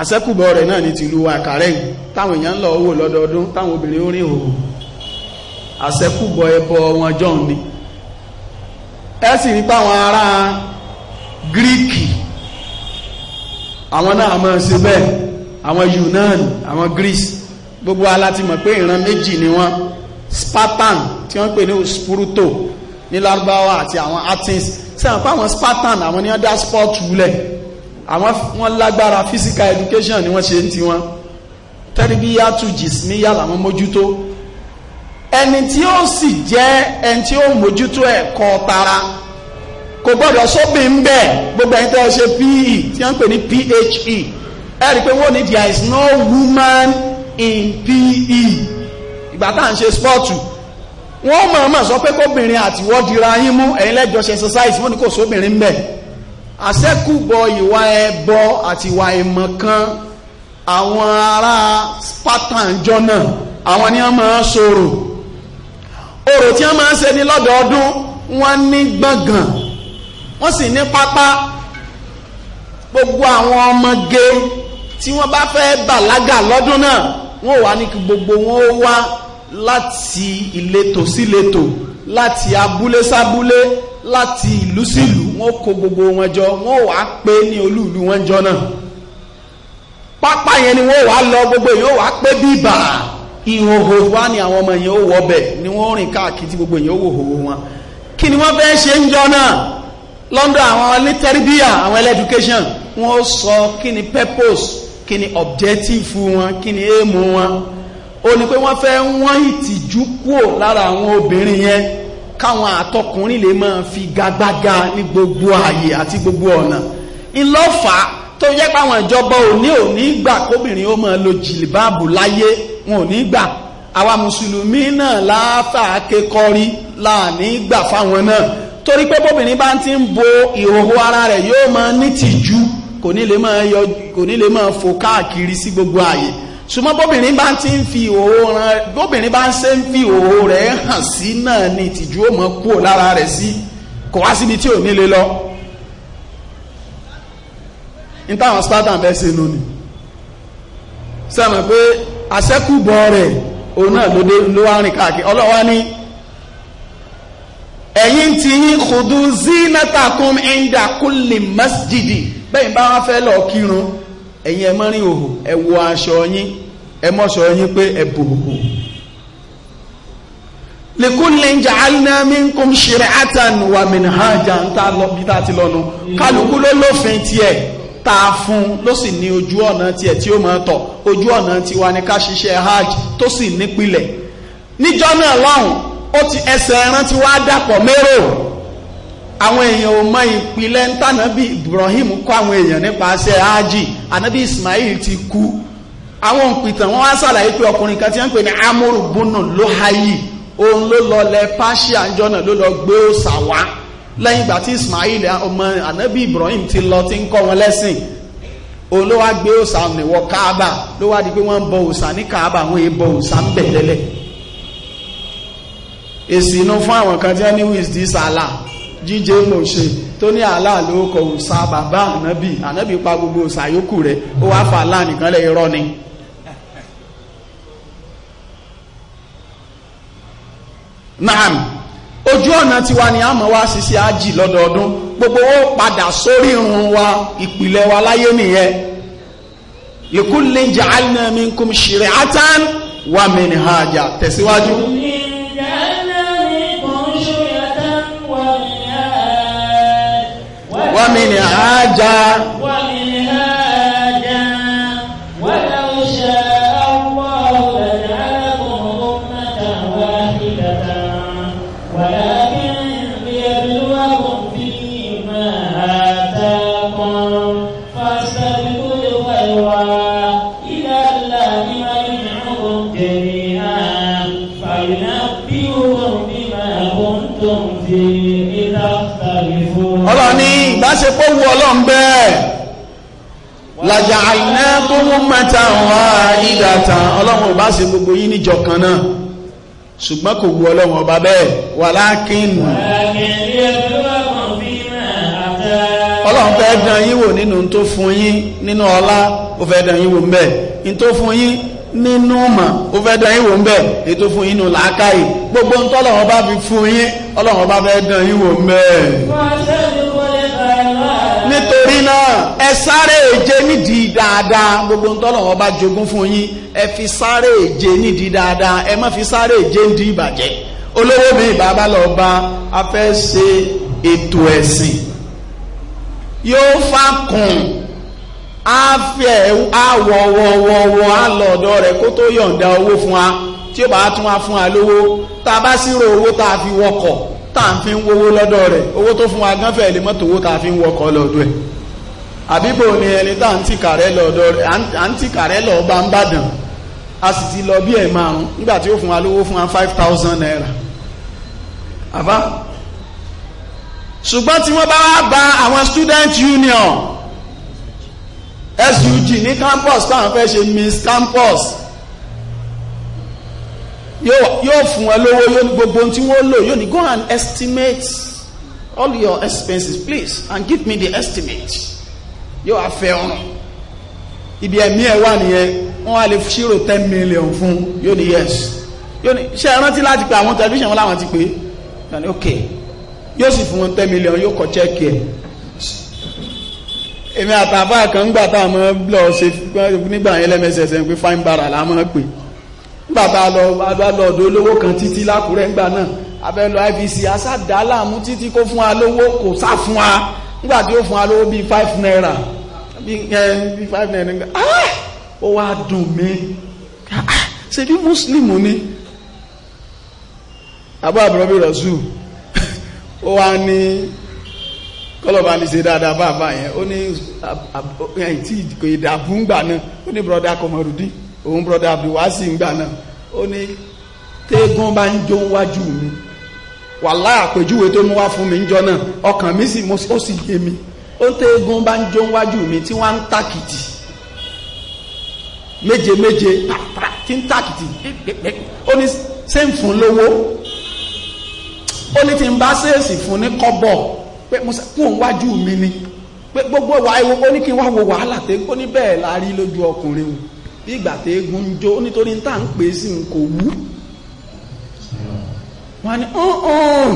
A: àṣẹ́kùbọ̀ rẹ̀ náà ní tìlú àkàrẹ́ táwọn èèyàn lọ owó lọ́dọọdún táwọn obìnrin orin òhò àṣẹ́kùbọ̀ ẹbọ wọn john ni ẹ sì ní páwọn ará gíríkì àwọn náà máa ṣe bẹ́ẹ̀ àwọn yunan àwọn greece gbogbo aláti mọ̀ pé ìran méjì ni wọ́n spartan tí wọ́n pè ní spuruto ní lárúbáwá àti àwọn athens sẹ́wọ̀n páwọn spartan àwọn ni wọ́n dá sport wulẹ̀ àwọn wọn lágbára physical education ni wọ́n ṣe ń tiwọn tẹ́rìbíyà tù jìsíníyà làwọn mójútó ẹni tí ó sì jẹ́ ẹni tí ó mójútó ẹ̀kọ́ tara kò gbọ́dọ̀ sóbì ń bẹ̀ gbogbo ẹni tẹ́ ọ ṣe pe tí wọ́n ń pè ní PHE ẹ rí i pé wọ́n ní there is no woman in PE ìgbà tá à ń ṣe spọ́ọ̀tù wọ́n mọ̀ọ́mọ̀ sọ pé kóbìnrin àtiwọ́ dira yín mú ẹ̀yin lẹ́jọ́ ṣe exercise wọ́n ní kò sóbìnrin ń bẹ̀ àṣẹ́kùbọ ìwà ẹbọ àti ìwà ìmọ̀kan àwọn ará Spartan jọ náà àwọn ni wọ́n máa ń sọ̀rọ̀ orò tí wọ́n máa ń ṣe ní lọ́dọọdún wọ́n ní gbọ̀ngàn wọ́n sì ní pápá gbogbo àwọn ọmọge tí wọ́n bá fẹ́ bàlágà lọ́dún náà wọ́n wà ní gbogbo wọn ó wá láti ìletò síletò láti abúlé sábúlé láti ìlú sí ìlú wọ́n kó gbogbo wọn jọ wọ́n wà á pé ní olúùlú wọn jọ náà pápá yẹn ni wọ́n wà á lọ gbogbo yẹn ó wà á pé bí ibà ìhòhò wá ni àwọn ọmọ yẹn ó wọ bẹ̀ ni wọ́n rìn káàkiri tí gbogbo yẹn ó wò hòhò wọn kí ni wọ́n fẹ́ ṣe ń jọ náà London àwọn lítẹ́rìbíà àwọn ẹlẹ́dùkéṣàn wọ́n sọ kí ni purpose kí ni objective wọn kí ni aim wọn ó ní pé wọ́n fẹ́ wọ́n ìtìjú kúò lára àwọn obìnrin yẹn káwọn àtọkùnrin lè máa fi gagbága ní gbogbo ààyè àti gbogbo ọ̀nà ńlọ́fà tó yẹ páwọn ìjọba òní òní gbà kóbìnrin ó máa lo jìlìbáàbù láyé wọn ò ní gbà àwa mùsùlùmí náà láàfà kékọrí láàní gbà fáwọn náà torí pé bóbìnrin bá ti ń bo ìhòhò ara rẹ̀ yóò máa nítìjú kò ní lè máa fò káàkiri sí gbogbo ààyè ṣùgbọ́n bóbìnrin bá ti ń fi òhò rẹ̀ bóbìnrin bá ń ṣe ń fi òhò rẹ̀ hàn sí náà ni ìtìjú ó mọ̀ kúrò lára rẹ̀ sí kò wá síbi tí ò nílé lọ ní táwọn spartan bẹ́ẹ̀ ṣe lónìí sẹ́mi pé àṣẹ́kùbọ̀ rẹ̀ òun náà lóde ló wá rìn káàkiri ọlọ́wọ́ ní ẹ̀yin tí yín kùdú zínátàkùn ẹ̀ńdà masjidi bẹ́ẹ̀ bá wọn fẹ́ lọ kírun ẹ̀yin ẹ̀ mọ́rin òhò ẹ̀ wọ aṣọ yín ẹ mọ́ sọ yín pé ẹ bùkù lèkúnlẹ̀ ń jà alínàmí ń kún ṣeré àtàn wà mìnìhàjà ń ta lọ bí ta ti lọ́nu kálukú ló lófin tiẹ̀ ta fún ló sì ní ojú ọ̀nà tiẹ̀ tí ó máa tọ̀ ojú ọ̀nà tiwa ní ká ṣiṣẹ́ hajj tó sì nípìlẹ̀ níjọ́ náà lọ́hùn ó ti ẹsẹ̀ ẹran tí wàá dàpọ̀ mérò àwọn èèyàn ò mọ ìpìlẹ̀ ń tànà bí Ibrahim kọ́ àwọn èèyàn nípasẹ̀ hajj ànábì Ismail ti kú àwọn òǹpìtàn wọ́n wá sàlàyé pé ọkùnrin kan tí wọ́n ń pè ní amúrùgbónà ló hayì òun ló lọ lẹ pàṣẹ àjọnà ló lọ gbé òòsà wá lẹ́yìn ìgbà tí Ismail ọmọ ànábì Ibrahim ti lọ ti ń kọ́ wọn lẹ́sìn òun ló wá gbé òòsà níwọ káàbà ló wá di pé wọ́n ń bọ òòsà ní káàbà wọ́n èé bọ òòsà ń bẹ̀ lẹ́lẹ̀ èsì inú fún àwọn kan tí wọ́n ní with this Allah jíjẹ mọ̀ṣe tó ní Allah ló kọ òòsà bàbá ànábì ànábì pa gbogbo òòsà yòókù rẹ̀ ó wá fà Allah nìkan lẹ́yìn rọ́ naam ojú ọ̀nà tiwa ni a mọ̀ wá ṣiṣẹ́ ájì lọ́dọọdún gbogbo ó padà sórí irun wa ìpìlẹ̀ wa láyé nìyẹn likulli ja'alna minkum shir'atan wa minhaja tẹ̀síwájú. wa minhaja.
B: ọlọ́run ni ìbáṣepọ̀ wu ọlọ́run bẹ́ẹ̀
A: làjà àìná tó mú mẹ́ta wá ìdàtà ọlọ́run ìbáṣe gbogbo yín níjọ kan náà ṣùgbọ́n kò wu ọlọ́run ọba bẹ́ẹ̀ wà lákínù ọlọ́run fẹ́ dán yín wò nínú tó fún yín nínú ọlá ó fẹ́ dán yín wò ń tó fún yín nínú mà ó fẹ́ dán yín wò ń bẹ̀ fún yín nù làákàyè gbogbo ń tọ́lọ̀ fi fún yín ọlọ́run bá fẹ́ dán yín wò mẹ́ẹ̀.
B: nítorí náà
A: ẹ sáré èje nídìí dáadáa gbogbo ń tọ́lọ́run bá jogún fún yín ẹ fi sáré èje nídìí dáadáa ẹ má fi sáré èje nídìí ìbàjẹ́ olówó mi bàbá lọ bá a fẹ́ ṣe ètò ẹ̀sìn yóò fàkùn a fẹ́ àwọ̀ wọ̀wọ̀wọ̀ a lọ̀dọ̀ rẹ̀ kó tó yọ̀ǹda owó fún wa tí ó bá tún wá fún wa lówó tá a bá sírò owó tá a fi wọkọ̀ tá a fi ń wówó lọ́dọ̀ rẹ̀ owó tó fún wa gan fẹ́ lè mọ́tò owó tá a fi ń wọkọ̀ lọ́dọ̀ ẹ̀ àbíbò ni ẹni tá à ń tìkà rẹ̀ lọ́dọ̀ rẹ̀ à ń tìkà rẹ̀ lọ́ọ́ bá ń bàdàn a sì ti lọ bí ẹ̀ márùn nígbà tí ó fún wa lówó fún wa five thousand naira àbá ṣùgbọ́n tí wọ́n bá wá ba àwọn student union SUG ní campus táwọn fẹ́ ṣe miss campus yóò fún ẹ lówó yóò gbogbo tí wọ́n lò yóò ní go and estimate all your expenses please and give me the estimate yóò wá fẹ́ ọ̀ràn ibi ẹ̀mí ẹ̀ wà nìyẹn wọ́n wá lè ṣírò ten million fún yóò ní yes yóò ní ṣe rántí láti pé àwọn tẹlifíṣàn wọn làwọn ti pé yóò ní ok yóò sì fún wọn ten million yóò kọ chẹ́ẹ̀kì ẹ̀ èmi àtàbà kan gbà tá a mọ̀ lọ́ọ́ ṣe nígbà yẹn lẹ́mẹsẹsẹ pé fine bara la mọ̀ pé bàbá lọ bàbá lọ ọ̀dọ̀ olówó kan títí lákùrẹ́ ńgbà náà abẹ́lọ ivc asádà láàmú títí kó fún wa lówó kò sá fún wa nígbà tí ó fún wa lówó bíi five naira bíi five naira nígbà ah, ó wá dùn mí ah, ṣe bí mùsùlùmù ni abọ́ àbúrọ́bí rọ̀ṣù ó wá ní kọ́lọ̀bá ní ṣe dáadáa bàbá yẹn ó ní àìtí ìdàbùngbà náà ó ní bùrọ̀dá kọmọrùdín òun brother abdulwasi ń gbà náà ó ní tẹ́gùn bá ń jó wájú mi wàhálà àpèjúwe tó wá mi ń jọ náà ọkàn mi sì ó sì yé mi ó ń bá ń jó wájú mi tí wọ́n ń tàkìtì méje méje tí ń tàkìtì ó ní fún lówó ó ní tí mi ni pé gbogbo wa ó ní kí n wá wo wàhálà ó ní bẹ́ẹ̀ bí ìgbà tó egun jó nítorí tá ń pè sí kò wú wọ́n ni ọ̀hún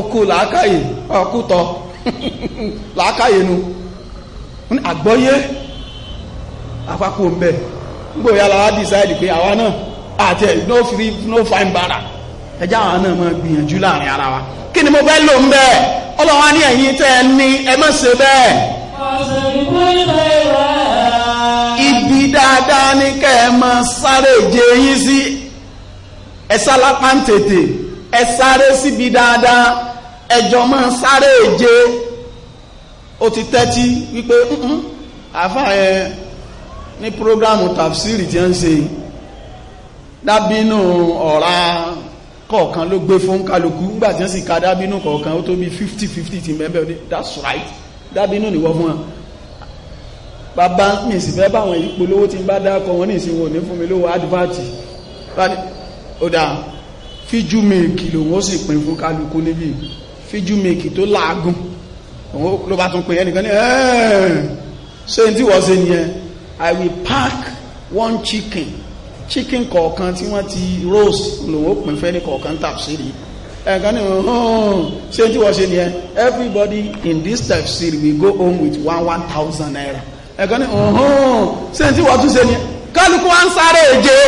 A: okú làákàyè ọkútọ̀ [laughs] làákàyè nu wọ́n ni àgbọ́yé àpapọ̀ ń bẹ̀ nígbò yà láwá dìsáìdì pé àwa náà àti ẹ̀ no free no fine bara ẹjá àwa náà máa gbìyànjú láàrin ara wa kí ni mo fẹ́ lò ń bẹ́ ọlọ́wọ́ ní ẹ̀yìn tẹ́ ẹ ní ẹ má ṣe bẹ́ẹ̀. ọ̀sẹ̀ ìgbóyè
B: bẹ́ẹ̀
A: dáadáa ní kẹ́ ẹ máa sáré ìje yín sí ẹ sálápá ń tètè ẹ sáré síbi dáadáa ẹjọ́ máa sáré ìje ó ti tẹ́tí wípé àfa ẹ ní prógrámù tafsiri tí ó ń ṣe dábínú ọ̀rá kọ̀ọ̀kan ló gbé fún kálukú nígbà ó sì ka dábínú kọ̀ọ̀kan ó tó bí 50-50 ti mẹ́bẹ̀ẹ́ that's right dábínú nìwọ fún wọn bàbá mi sì fẹ́ báwọn ìpolówó tí ń bá dákọ̀ wọn ní ìsinwò ní fún mi lówó advati ọ̀dà fíjú mèkì lòun ó sì pín fún kálukú níbi fíjú mèkì tó láàgùn òun ló bá tún pín ẹnìkan ní ẹ̀ẹ́n ṣe tí wọ́n ṣe nìyẹn i will pack one chicken chicken kọ̀ọ̀kan tí wọ́n ti roast lòun ó pín fẹ́ ní kọ̀ọ̀kan tàbsírì ẹ̀kan ní ọ̀hún ṣe tí wọ́n ṣe nìyẹn everybody in this tafsir we go home with one one thousand naira ẹ̀kọ́ ní ọ̀hún ṣe tí wọ́n tún ṣe ni wá ń sáré èje.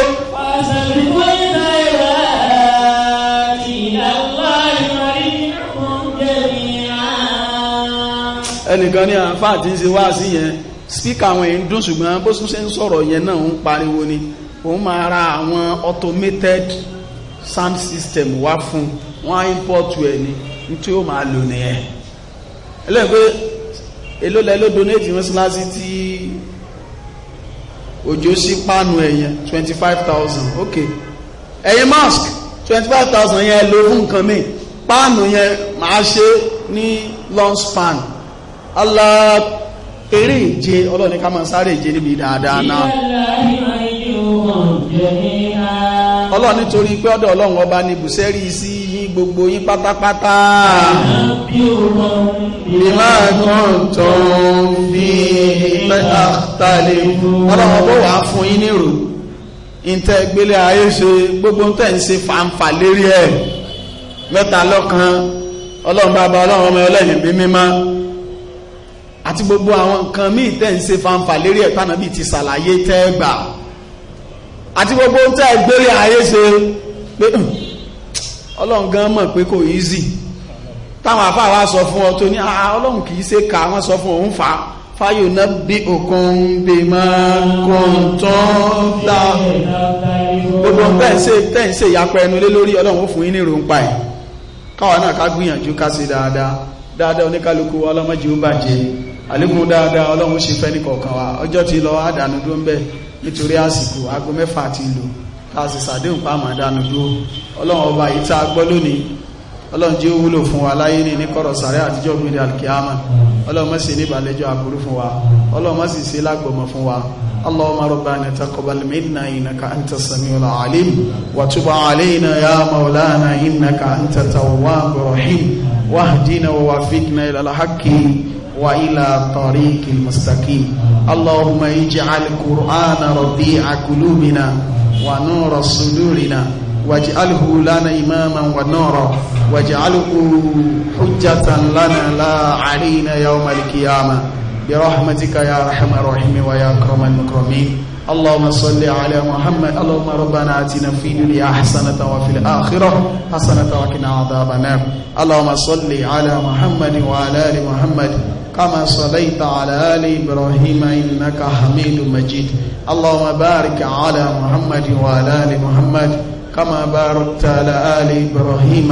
A: ẹnìkan ní àǹfààní tí ṣe wá sí yẹn spíkà àwọn èyí ń dún ṣùgbọ́n bó ṣe ń sọ̀rọ̀ yẹn náà ń pariwo ni òun máa ra àwọn automated sound system wá fún wọn á import ẹ ni tí ó máa lò nìyẹn. ẹlẹ́gbẹ́ èló lẹ ló donate mọ́sálásí tí òjò sí pánu ẹ̀yẹn twenty five thousand ok ẹ̀yìn mask. twenty five thousand yẹn ló fún nǹkan mi pánu yẹn màá ṣe ní long span allah eré ìje ọlọ́ni ká máa sáré ìje níbi dáadáa náà ọlọ́run nítorí pé ọ̀dọ̀ ọlọ́run ọba ni bùsẹ́rì sí yín gbogbo yín pátápátá. bímọ
B: kan tó ń fi mẹ́ta
A: tàlẹ́ ọlọ́run ọba wàá fún yín nírò ìtẹ́ gbélé ayé ṣe gbogbo tẹ̀ ń ṣe fàǹfà lérí ẹ̀ mẹ́ta lọ́kan ọlọ́run bàbá ọlọ́run ọmọ ẹlẹ́yìn bí mímọ́ àti gbogbo àwọn nǹkan míì tẹ̀ ń ṣe fàǹfà lérí ẹ̀ tánàbí ti ṣàlàyé tẹ́ gbà. àti gbogbo ń tẹ́ ìgbélé ayé ṣe pé hmm, ọlọ́run gan mọ̀ pé kò easy táwọn àfáà wá sọ fún ọ tó ní ah, ọlọ́run kìí ṣe ká wọ́n sọ fún òun fà fáyò náà bí òkun bí máa tán- dá gbogbo tẹ́ǹsẹ̀ tẹ́ǹsẹ̀ ya ẹnu lé lórí ọlọ́run fún yín ní ìròǹpa ẹ̀ káwa náà ká gbìyànjú ká dáadáa dáadáa oníkálukú ọlọ́mọdé bàjẹ́ àlékún dáadáa ọlọ́run nítorí àsìkò aago mẹ́fà ti lò káàsì sàdéhùn pàmà dánú dúró ọlọ́run ọba yìí tá a gbọ́ lónìí ọlọ́run jẹ́ ó wúlò fún wa láyé ní ní kọ̀rọ̀ sàrẹ́ àtijọ́ gbìnrin alkiyama ọlọ́run má ní ìbàlẹ́jọ́ aburú fún wa ọlọ́run má sì ṣe fún wa اللهم ربنا تقبل منا إنك أنت السميع العليم وتب علينا يا مولانا إنك أنت التواب الرحيم واهدنا ووفقنا إلى الحق وإلى طريق المستقيم اللهم اجعل القرآن ربيع قلوبنا ونور صدورنا واجعله لنا إماما ونورا واجعله حجة لنا لا علينا يوم القيامة برحمتك يا أرحم الراحمين ويا أكرم المكرمين اللهم صل على محمد اللهم ربنا آتنا في الدنيا حسنة وفي الآخرة حسنة وقنا عذاب النار اللهم صل على محمد وعلى آل محمد كما صليت على آل إبراهيم إنك حميد مجيد اللهم بارك على محمد وعلى آل محمد كما باركت على آل إبراهيم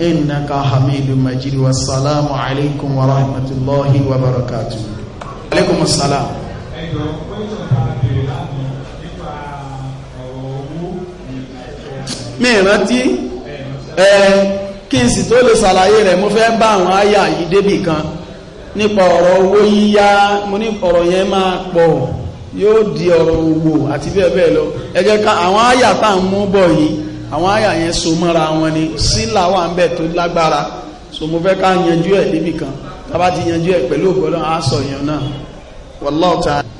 A: إنك حميد مجيد والسلام عليكم ورحمة الله وبركاته عليكم السلام mi rántí ẹ kí n sì tó lè ṣàlàyé rẹ̀ mo fẹ́ bá àwọn àyà yìí débì kan nípa ọ̀rọ̀ owó yíyá mo ní ọ̀rọ̀ yẹn máa pọ̀ yóò di ọ̀rọ̀ owó àti bẹ́ẹ̀ lọ ẹgẹ́ ká àwọn àyà tá à ń mú bọ̀ yìí àwọn àyà yẹn so mọ́ra wọn ni sílà wà ń bẹ̀ tó lágbára so mo fẹ́ ká yanjú ẹ̀ níbì kan tá bá ti yanjú ẹ̀ pẹ̀lú ògbọ́dọ̀ á sọ yẹn náà wallahu ta'ala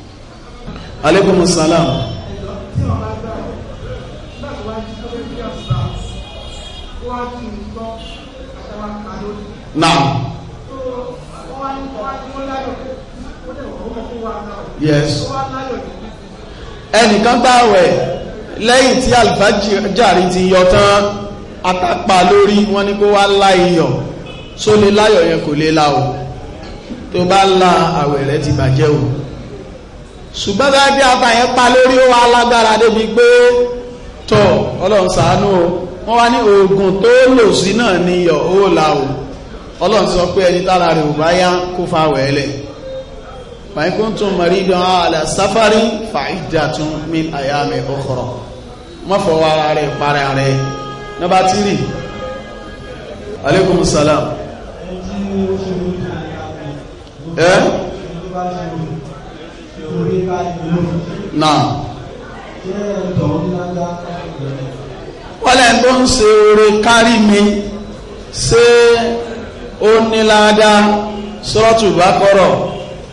A: aleykum salam. naam yes ẹnìkan gbààwẹ̀ lẹ́yìn tí alifájàrí ti yọ tán atapa lórí wọn ni kó wá lá iyọ̀ só lè láyọ̀ yẹn kò lè lá o tó bá lá àwẹ̀ rẹ̀ ti bàjẹ́ o ṣùgbọ́n bá bí ata yẹn pa lórí ó wá lágbára débi pé tọ̀ ọlọ́run ṣàánú o wọ́n wá ní oògùn tó lò sí náà ni iyọ̀ ó là o ọlọ́run sọ pé ẹni tára rẹ̀ ò bá yá kó fa wẹ̀ẹ́lẹ̀ fàíkún tún maridun ala sáfárí fa'iddatun min ayami ukhra mọ́fọ̀wọ́ ara rẹ̀ para rẹ̀ nọba tí rí alaikum salam ẹ́ náà wọ́n lẹ́n tó ń ṣe oore kárí mi ṣe ó ní ládàá sọ́ọ̀tù bá kọ́rọ̀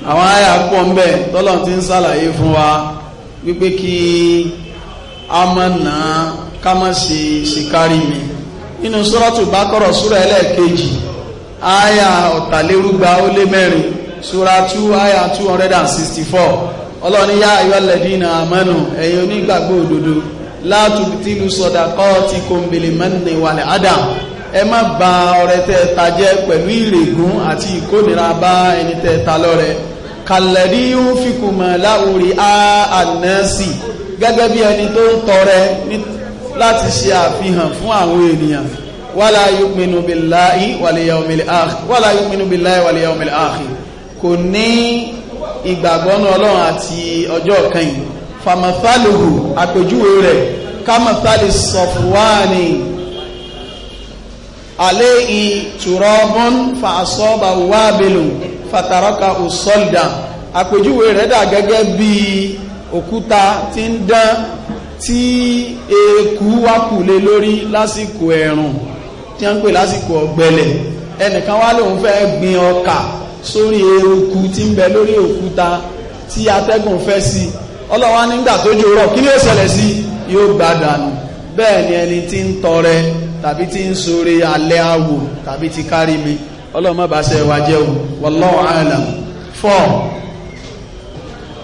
A: àwọn àyà pọ̀ ń bẹ̀ tọ́lọ̀ ti ń sàlàyé fún wa wípé kí a mọ̀ náà ká mọ̀ sí síkárì mi nínú sọ́ọ̀tù bá kọ́rọ̀ súra ẹlẹ́ẹ̀kejì àyà ọ̀tàlérúgba ó lé mẹ́rin súra 2 àyà 264 ọlọ́ni yá ayọ́lẹ̀dínà àmọ́nù onígbàgbọ́ òdodo ti kòmbèlè mẹ́rin wàlẹ̀ adam ẹ má bà ọrẹ tẹ́ ta jẹ́ pẹ̀lú ìrègùn àti ìkónira bá ẹni tẹ́ ta lọ́rẹ kàlẹ́rí ń fikùnmọ̀ láwùrí àánẹ́sì gẹ́gẹ́ bí ẹni tó ń tọrẹ láti ṣe àfihàn fún àwọn ènìyàn wàlá yùpinnu bìláì wàlẹ̀yà òmìnir ààrì kò ní ìgbàgbọ́nà ọlọ́run àti ọjọ́ kẹyìn fàmàfàlùhù àpèjúwe rẹ̀ kàmàfàlì sọ̀fùwáàni aléyìí tùrọ́bọ́n fàṣọ́bà wábìlù fàtàrọ́kà òsọ́lìdà àpèjúwe rẹ̀ dà gẹ́gẹ́ bí òkúta tí ń dán tí eku wá kùlé lórí lásìkò ẹ̀rùn tí a ń pè lásìkò ọ̀gbẹlẹ̀ ẹnìkan wá fẹ́ gbin ọkà sórí eruku tí ń bẹ lórí òkúta tí atẹ́gùn fẹ́ sí ọlọ́wà nígbà tó jò kí ni ó ṣẹlẹ̀ sí yóò gbádànù bẹ́ẹ̀ ni ẹni ń tọrẹ tàbí tí ń sóre alẹ́ àwò tàbí ti kárí mi ọlọ́mọ bá ṣe wá jẹ́ o wallahu alam four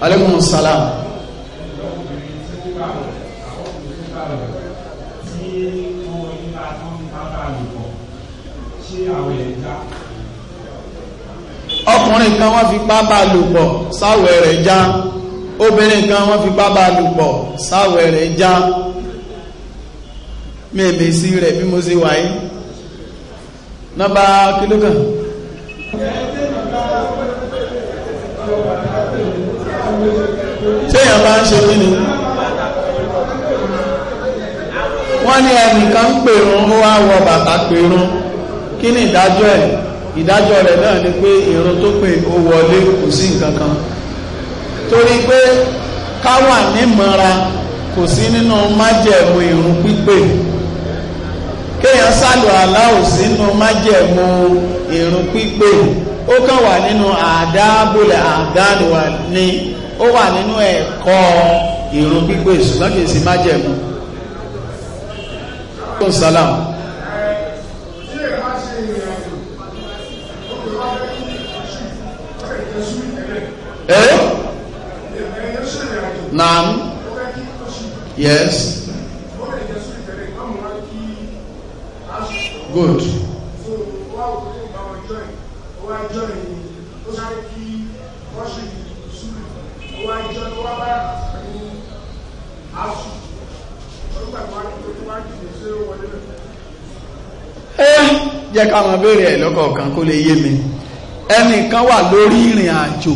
A: alaikum salam ọkùnrin kan wọ́n fi pápá lùpọ̀ sáwẹ̀ rẹ̀ já obìnrin kan wọ́n fi pápá lùpọ̀ sáwẹ̀ rẹ̀ já mẹ́ẹ̀mẹ́ sí rẹ bí mo ṣe wáyé nọ́bà kìlókàn tíyàn bá ń ṣe kí ni wọ́n ní ẹnìkan ń pèrún ó wá wọ bàtà pèrún kí ni ìdájọ́ ẹ̀ ìdájọ́ rẹ̀ náà ni pé ìrun tó pè ó wọlé kò sí nǹkan kan torí pé káwà nímọ̀ra kò sí nínú májẹ̀mú ìrun pípè kéèyàn sálù aláwò sínú májẹ̀mú ìrun pípé ó kàn wà nínú àdábòlẹ̀ àdánùwà ni ó wà nínú ẹ̀kọ́ ìrun pípé ṣùgbọ́n kìí sí májẹ̀mú. Eh? Naam. Yes. good. so wọ́n wò ní ìgbà wọn join ó wá join ní ó sáré kí wọ́ṣì sùn ó wá join ó wá bá ní asù olùgbà tó wá tó tó wá dìde sí jẹ́ ká máa béèrè ẹ̀ lọ́kọ̀ọ̀kan kó lè yé mi ẹnìkan wà lórí ìrìn àjò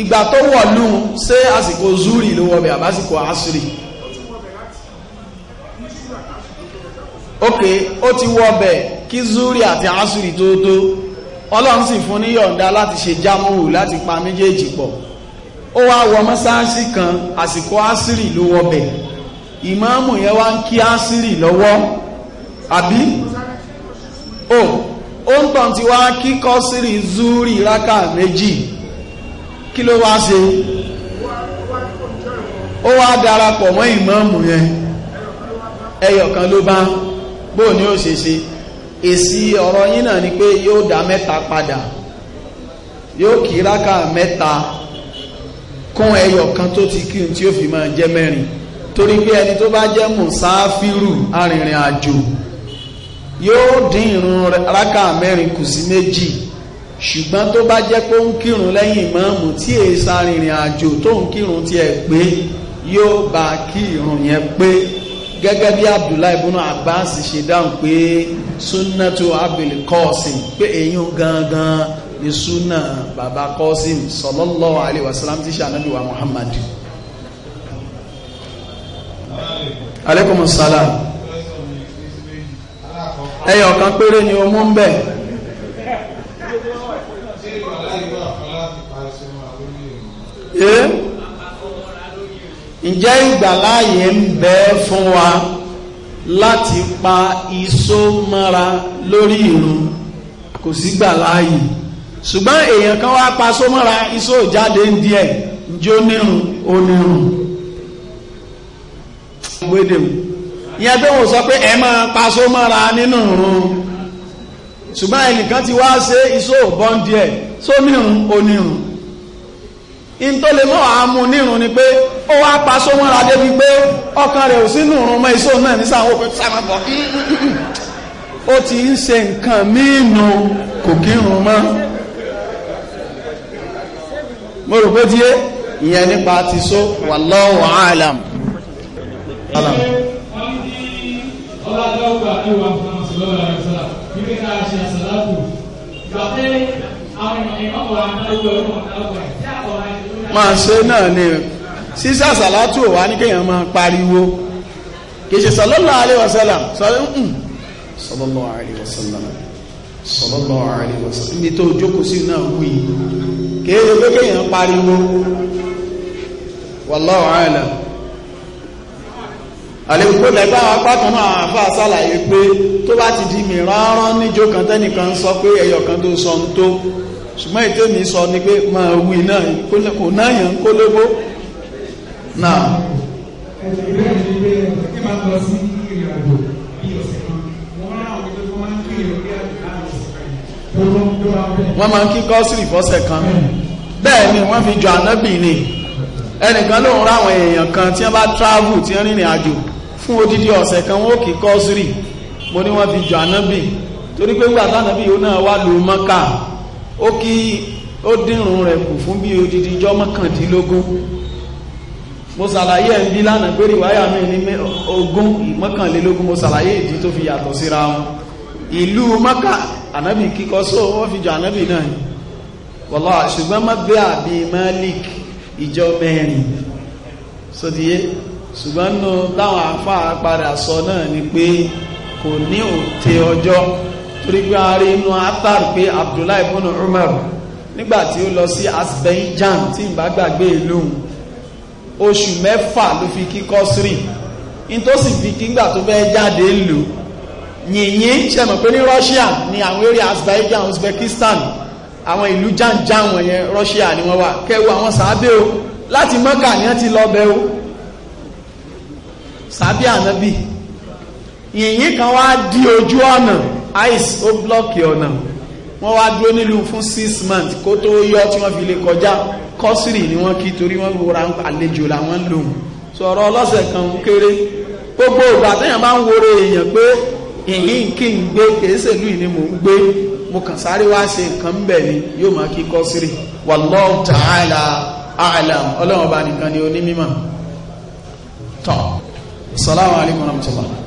A: ìgbà tó wọ̀lú ṣé àsìkò zuri ló wọ̀ bẹ̀ àbásìkò asiri. ok ó ti wọ́ bẹ̀ kí zuri àti asuri tó tó ọlọ́run sì fún ní yọ̀ǹda láti ṣe jámọ́hù láti pa méjèèjì pọ̀ ó wá wọ mọ́sáàsì kan àsìkò asiri ló wọ́ bẹ̀ ìmáàmù yẹn wá ń kí asiri lọ́wọ́ àbí ó ó ń tàn ti wá kíkọ́ sírí zuri rákà méjì kí ló wá ṣe ó wá darapọ̀ mọ́ ìmáàmù yẹn ẹyọ̀kan ló bá ń bó ní ó ṣe ṣe èsì ọ̀rọ̀ yín náà ni pé yóò dá mẹ́ta padà yóò kí rákà mẹ́ta kún ẹyọ kan tó ti kí n tí ó fi máa jẹ́ mẹ́rin torí pé ẹni tó bá jẹ́ mùsáfírù arìnrìn àjò yóò dín ìrun rákà mẹ́rin kù sí méjì ṣùgbọ́n tó bá jẹ́ pé ó ń kírun lẹ́yìn ìmáàmù tí èsà arìnrìn àjò tó ń kírun tiẹ̀ pé yóò bá kí ìrun yẹn pé gẹ́gẹ́ bí Abdullahi ibn Abbas ṣe dáhùn pé sunnatu Abil Qasim pé èyàn gangan ni sunna baba Qasim sallallahu alaihi wasallam ti ṣe ànábì wa salam ẹyọ kan péré ni o mú ń bẹ̀ ẹ́ eh? ǹjẹ́ ìgbàláyè ń bẹ fún wa láti pa iṣó mọ́ra lórí ìrun kò sí gbàláyè ṣùgbọ́n èèyàn kan wá pa iṣó mọ́ra iṣó jáde ń díẹ̀ njó nírun ó nírun gbédè mu ìyẹn tó wò sọ pé ẹ máa pa iṣó mọ́ra nínú ìrun ṣùgbọ́n ẹnìkan ti wá ṣe iṣó bọ́ ń díẹ̀ só nírun ó nírun in tó lè mọ́ àmú nírun ni pé ó wá pa sómọ́ra débi pé ọkàn rẹ̀ ò sínú ìrún mọ́ iṣó náà ní sáwọn òpin sáwọn bọ̀ ó ti ń ṣe nǹkan míìnù kò kírun mọ́ mo rò pé tiẹ́ ìyẹn nípa ti só wallahu alam. alam.
B: wà fún ọmọ gbàgbé àwọn ìmọ̀ ìmọ̀ wà náà lọ́wọ́ ọmọ náà wà máa ṣe
A: náà ni sísá sàlátù ò wá ní kéèyàn máa pariwo kì í ṣe sallallahu alaihi wasallam sallallahu alaihi wasallam sallallahu alaihi wasallam ní tó jókòó sí náà wí kì í ṣe pé kéèyàn pariwo wallahu a'lam
B: àlèkò lẹ́gbà apákan náà àfáà
A: sàlàyé pé tó bá ti di mìíràn rán níjó kan tẹ́nìkan sọ pé ẹyọ kan tó sọ ń tó ṣùgbọ́n ètò mi sọ ni pé máa wí náà kò náyàn kó lóbó náà. wọ́n máa ń kí kọ́sìrì fọ́sẹ̀ kan bẹ́ẹ̀ ni wọ́n fi jọ ànábì ni ẹnìkan ló ń ráwọn èèyàn kan tí wọ́n bá travel tí wọ́n rìnrìn àjò fún odidi ọ̀sẹ̀ kan wọ́n kí kọ́sìrì mo wọ́n fi jọ ànábì torí pé wíwà tánàbì yóò náà ó kí ó dínrùn rẹ̀ kù fún bí odidi ijọ́ mọ́kàndínlógún mo ṣàlàyé ẹ̀ ń bí lánàá pé ìwáyà mi ní ogún mọ́kànlélógún mo ṣàlàyé ìdí tó fi yàtọ̀ síra wọn ìlú mọ́kà ànábì kíkọ́ só wọ́n fi jọ ànábì náà ni wọ́lá ṣùgbọ́n mọ́gbé àbí malik ìjọ mẹ́rin sódíyé ṣùgbọ́n nù láwọn àfáà padà sọ náà ni pé kò ní òtẹ ọjọ́ torí pé a rí inú atar pé abdullahi ibn umar nígbà tí ó lọ sí azerbaijan tí ń bá gbàgbé ìlú oṣù mẹ́fà ló fi kí kọ́sírì in tó sì fi kígbà tó fẹ́ jáde lò yìnyín ṣẹ̀mọ̀ pé ní russia ni àwọn eré azerbaijan uzbekistan àwọn ìlú jàǹjàǹ wọ̀nyẹn russia ni wọ́n wà kẹwọ àwọn sàábé o láti mọ́kà ni wọ́n ti lọ bẹ̀ o sàábé ànábì yìnyín kan wá di ojú ọ̀nà ice ó blọ́ọ̀kì ọ̀nà wọ́n wá dúró nílùú fún six months kó tó yọ tí wọ́n fi lè kọjá kọ́sìrì ni wọ́n kí torí wọ́n wọra àlejò làwọn ń lòun sọ̀rọ̀ ọlọ́sẹ̀ kan kéré gbogbo ìgbà téèyàn bá ń woro èèyàn pé ìyín kí n gbé kèésèlú ni mò ń gbé mo kàn sáré wá ṣe nǹkan bẹ̀ ni yóò máa kí kọ́sìrì wallahu ta'ala a'lam ọlọ́run ọba nìkan ni onímọ̀ tọ́ salamu alaykum wa
B: rahmatulah.